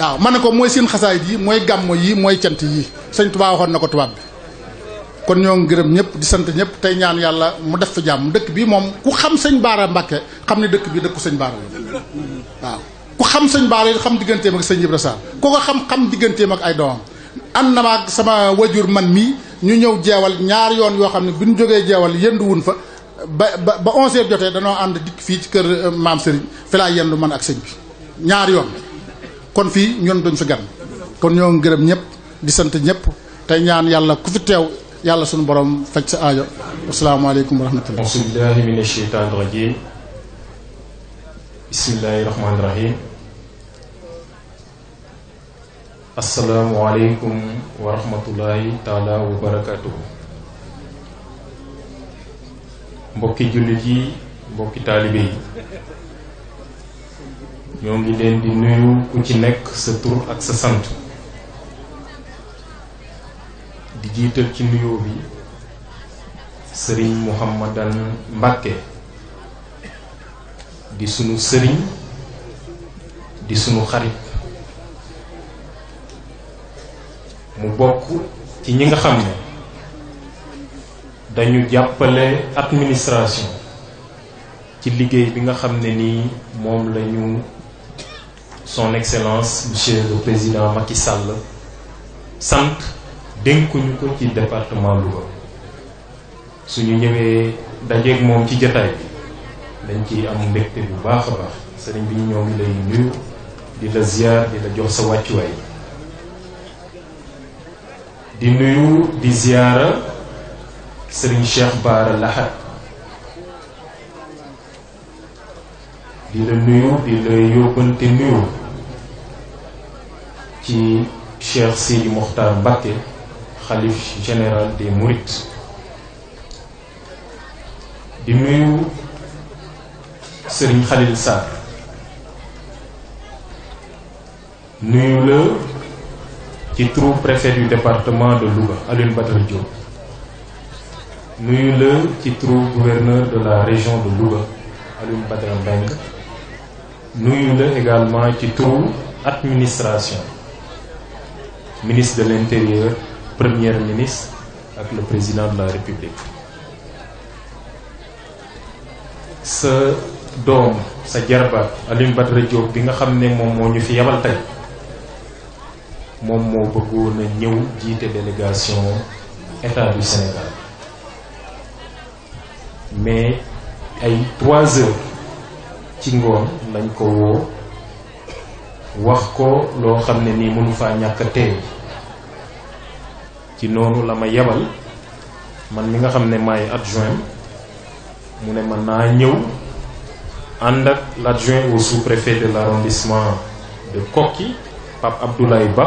waaw man ne ko mooy seen xasaayit yi mooy gàmmo yi mooy cant yi sëñ Tuubaa waxoon na ko tubaab bi kon ñoo ngi gërëm ñëpp di sant ñëpp tey ñaan yàlla mu def fi jàmm dëkk bi moom ku xam sañ Baara Mbàkke xam ne dëkk bi dëkku sëñ Baara la waaw ku xam sañ Baara yi xam digganteem ak sëñ Ibra Sarr ku ko xam-xam ak ay doomam ànd na ma sama wajur man mii ñu ñëw jeewal ñaar yoon yoo xam ne bi ñu jógee jeewal yënduwun fa ba ba ba jotee danoo ànd dikk fii ci kër euh, maam Serigne fi laa yendu man ak sëñ bi ñaar yoon kon fii ñun duñ fi gan kon ñoo ngi gërëm ñëpp di sant ñëpp tey ñaan yàlla ku fi teew yàlla suñu borom faj sa aajo asalaamaaleykum wa rahmatullah bismillahi min asheytaan rajim bismillahi rahmaani rahim asalaamualeykum wa rahmatullahi taala wa mbokki jullit yi mbokki taalibe yi ñoo ngi leen di nuyu ku ci nekk sa tur ak sa sant di jiital ci nuyoo bi sëriñ Muhammadan Mbàkke di sunu sëriñ di sunu xarit mu bokk ci ñi nga xam ne dañu jàppale administration ci liggéey bi nga xam ne nii moom lañu son excellence monsieur le président Macky Sall sant dénkuñu ko ci département Louga suñu ñëwee dajeeg moom ci jataay bi dañ ci am mbégte bu baax a baax sëriñ bi ñoo ngi lay nuyu di la ziar di la jox sa wàccuwaay di nuyu di ziara sëriñ Cheikh Baara Lahat di la nuyu di la yóbbante nuyu ci Cheikh Sidi Mokhtar Mbacké xalif général des Mourides di nuyu Serigne Khalil Sarr nuyu la ci turu préfet du département de Louga Alioune Badara Diop nuyu la ci turu gouverneur de la région de Louga Alioune Badara Mbengue nuyu la également ci turu administration ministre de l'intérieur première ministre ak le président de la république sa doom sa jarbaat Alioune Badara Diop bi nga xam ne moom moo ñu fi yabal tey moom moo bëggoon a ñëw jiite délégation état du Sénégal mais ay trois heures ci ngoon lañ ko woo wax ko loo xam ne nii mënu faa ñàkk teew ci noonu la ma yebal man mi nga xam ne maay adjoint mu ne mën naa ñëw ànd ak l'adjoint au sous-préfet de l'arrondissement de Koki Pape Abdoulaye Ba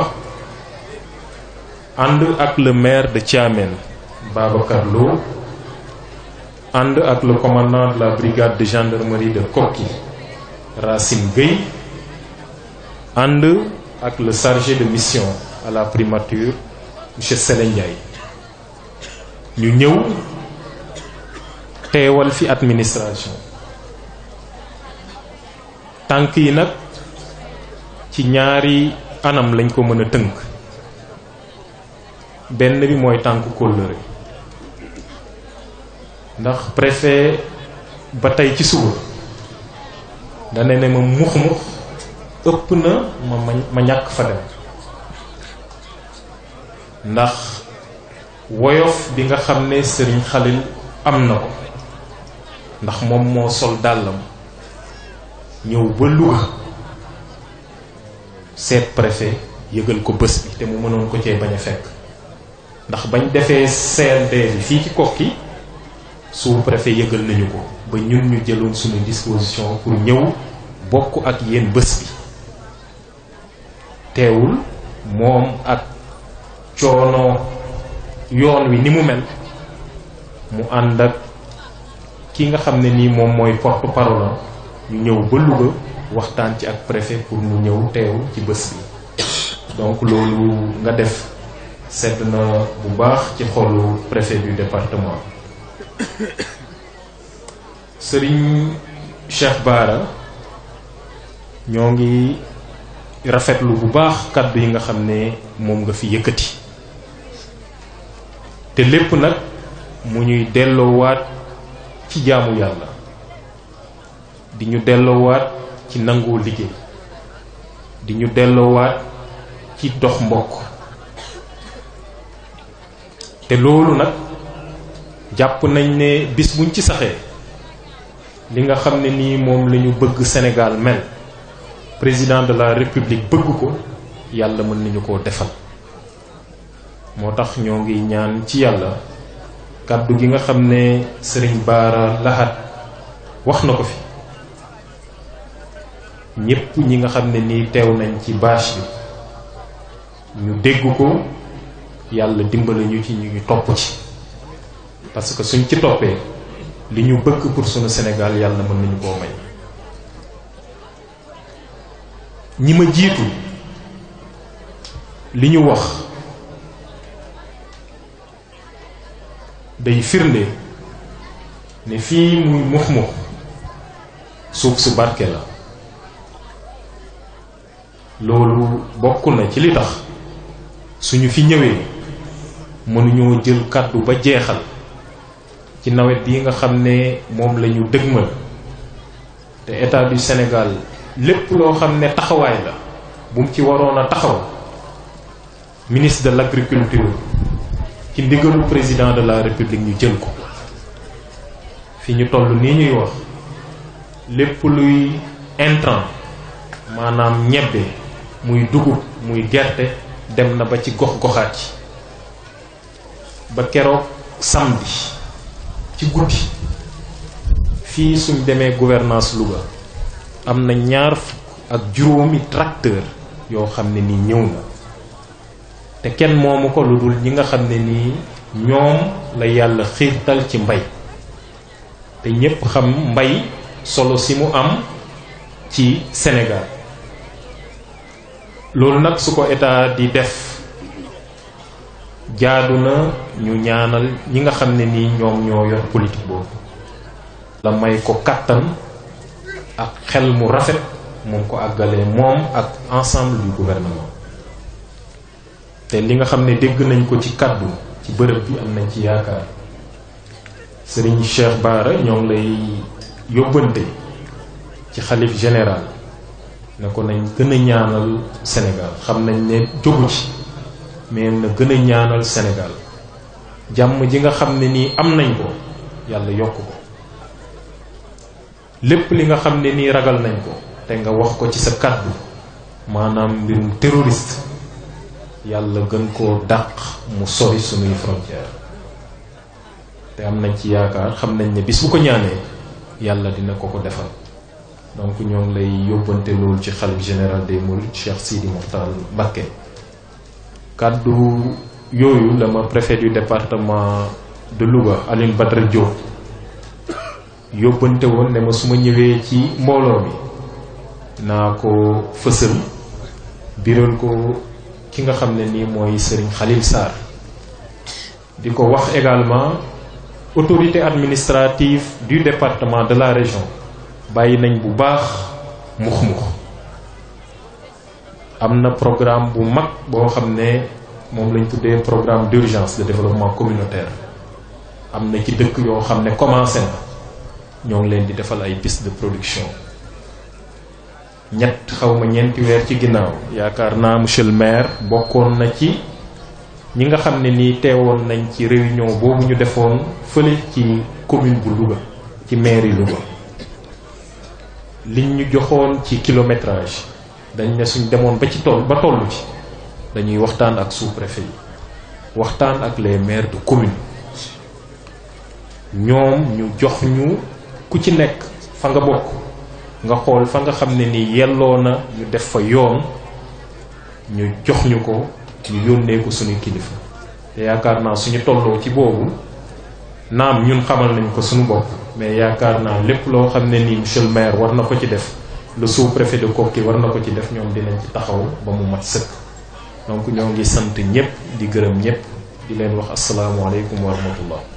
ànd ak le maire de Thiamène Babacar Lo ànd ak le commandant de la brigade de gendarmerie de Koki Racine Gueye ànd ak le sargé de mission à la primature monsieur Sele Ndiaye ñu ñëw teewal fi administration tànk yi nag ci ñaari anam lañ ko mën a tënk benn bi mooy tànk kóllëre ndax préfet ba tey ci suba dana ne ma mux mux ëpp na ma ma ñàkk fa dem ndax woyof bi nga xam ne sëriñ Xalil am na ko ndax moom moo sol dàllam ñëw ba Louga seet préfet yëgal ko bés bi te mu mënoon ko cee bañ a fekk ndax bañ defee CRD bi fii ci kokki sous préfet yëgal nañu ko ba ñun ñu jëloon suñu disposition pour ñëw bokk ak yéen bës bi teewul moom ak coono yoon wi ni mu mel mu ànd ak ki nga xam ne nii moom mooy porte parole ñu ñëw ba Louga waxtaan ci ak préfet pour mu ñëw teew ci bës bi donc loolu nga def sedd na bu baax ci xolu préfet du département Serigne Cheikh Bara ñoo ngi rafetlu bu baax kàddu yi nga xam ne moom nga fi yëkkati te lépp nag mu ñuy delloowaat ci jaamu yàlla di ñu delloowaat ci nangu liggéey di ñu delloowaat ci dox mbokk te loolu nag jàpp nañ ne bis buñ ci saxee li nga xam ne nii moom la bëgg Sénégal mel président de la République bëgg ko yàlla mën nañu ko defal moo tax ñoo ngi ñaan ci yàlla kàddu gi nga xam ne sëriñ Baara Lahat wax na ko fi ñépp ñi nga xam ne nii teew nañ ci bâche bi ñu dégg ko yàlla dimbali ñu ci ñu topp ci parce que suñ ci toppee li ñu bëkk pour sunu Sénégal yàlla mën nañu koo may ñi ma jiitu li ñu wax day firnde ne fii muy mux mux suuf su barke la loolu bokk na ci li tax suñu fi ñëwee mënuñoo jël kàddu ba jeexal ci nawet bi nga xam ne moom lañu ñu dëgmal te état du Sénégal lépp loo xam ne taxawaay la bu mu ci waroon a taxaw ministre de l'agriculture ci ndigalu président de la république ñu jël ko fi ñu toll nii ñuy wax lépp luy intrant maanaam ñebbe muy dugub muy gerte dem na ba ci gox goxaat yi ba keroog samedi ci guddi fii suñ demee gouvernance Louga am na ñaar fukk ak juróomi tracteur yoo xam ne nii ñëw na te kenn moomu ko lu dul ñi nga xam ne nii ñoom la yàlla xiirtal ci mbay te ñépp xam mbay solo si mu am ci senegal loolu nag su ko état di def jaadu na ñu ñaanal ñi nga xam ne nii ñoom ñoo yor politique boobu la may ko kàttan ak xel mu rafet moom ko àggalee moom ak ensemble du gouvernement te li nga xam ne dégg nañ ko ci kàddu ci bërëb bi am nañ ci yaakaar sëriñ Cheikh Baara ñoom ngi lay yóbbante ci xalif général ne ko nañ gën a ñaanal senegal xam nañ ne jógu ci mais na gën a ñaanal senegal jàmm ji nga xam ne nii am nañ ko yàlla yokk ko lépp li nga xam ne nii ragal nañ ko te nga wax ko ci sa kàddu maanaam mbirum terroriste yàlla gën koo dàq mu sori suñuy frontière te am nañ ci yaakaar xam nañ ne bi su ko ñaanee yàlla dina ko ko defal donc ñoo ngi lay yóbbante loolu ci xalif général des mourides Cheikh Sidi Mokhtar Mbacké kàddu yooyu la ma préfet du département de Louga Alioune Badara Diop yóbbante woon ne ma su ma ñëwee ci mbooloo mi naa ko fësal biral ko ki nga xam ne nii mooy Serigne Khalil Sarr di ko wax également autorité administrative du département de la région bàyyi nañ bu baax mux-mux am na programme bu mag boo xam ne moom lañ tuddee programme d'urgence de développement communautaire am na ci dëkk yoo xam ne commencé na ñoo ngi leen di defal ay pistes de production ñett xawma ñeenti weer ci ginnaaw yaakaar naa monsieur le maire bokkoon na ci ñi nga xam ne nii teewoon nañ ci réunion boobu ñu defoon fële ci commune bu Louga ci maire Louga liñ ñu joxoon ci kilométrage dañ ne suñ demoon ba ci toll ba toll ci dañuy waxtaan ak sous-préfet yi waxtaan ak les maires de commune ñoom ñu jox ñu ku ci nekk fa nga bokk nga xool fa nga xam ne ni yelloo na ñu def fa yoon ñu jox ñu ko ñu yónnee ko suñu kilifa te yaakaar naa suñu tolloo ci boobu naam ñun xamal nañ ko suñu bopp mais yaakaar naa lépp loo xam ne nii monsieur war na ko ci def le suuf préfet de Koki war na ko ci def ñoom dinañ ci taxaw ba mu mat sëkk donc ñoo ngi sant ñëpp di gërëm ñëpp di leen wax asalaamualeykum wa rahmatullah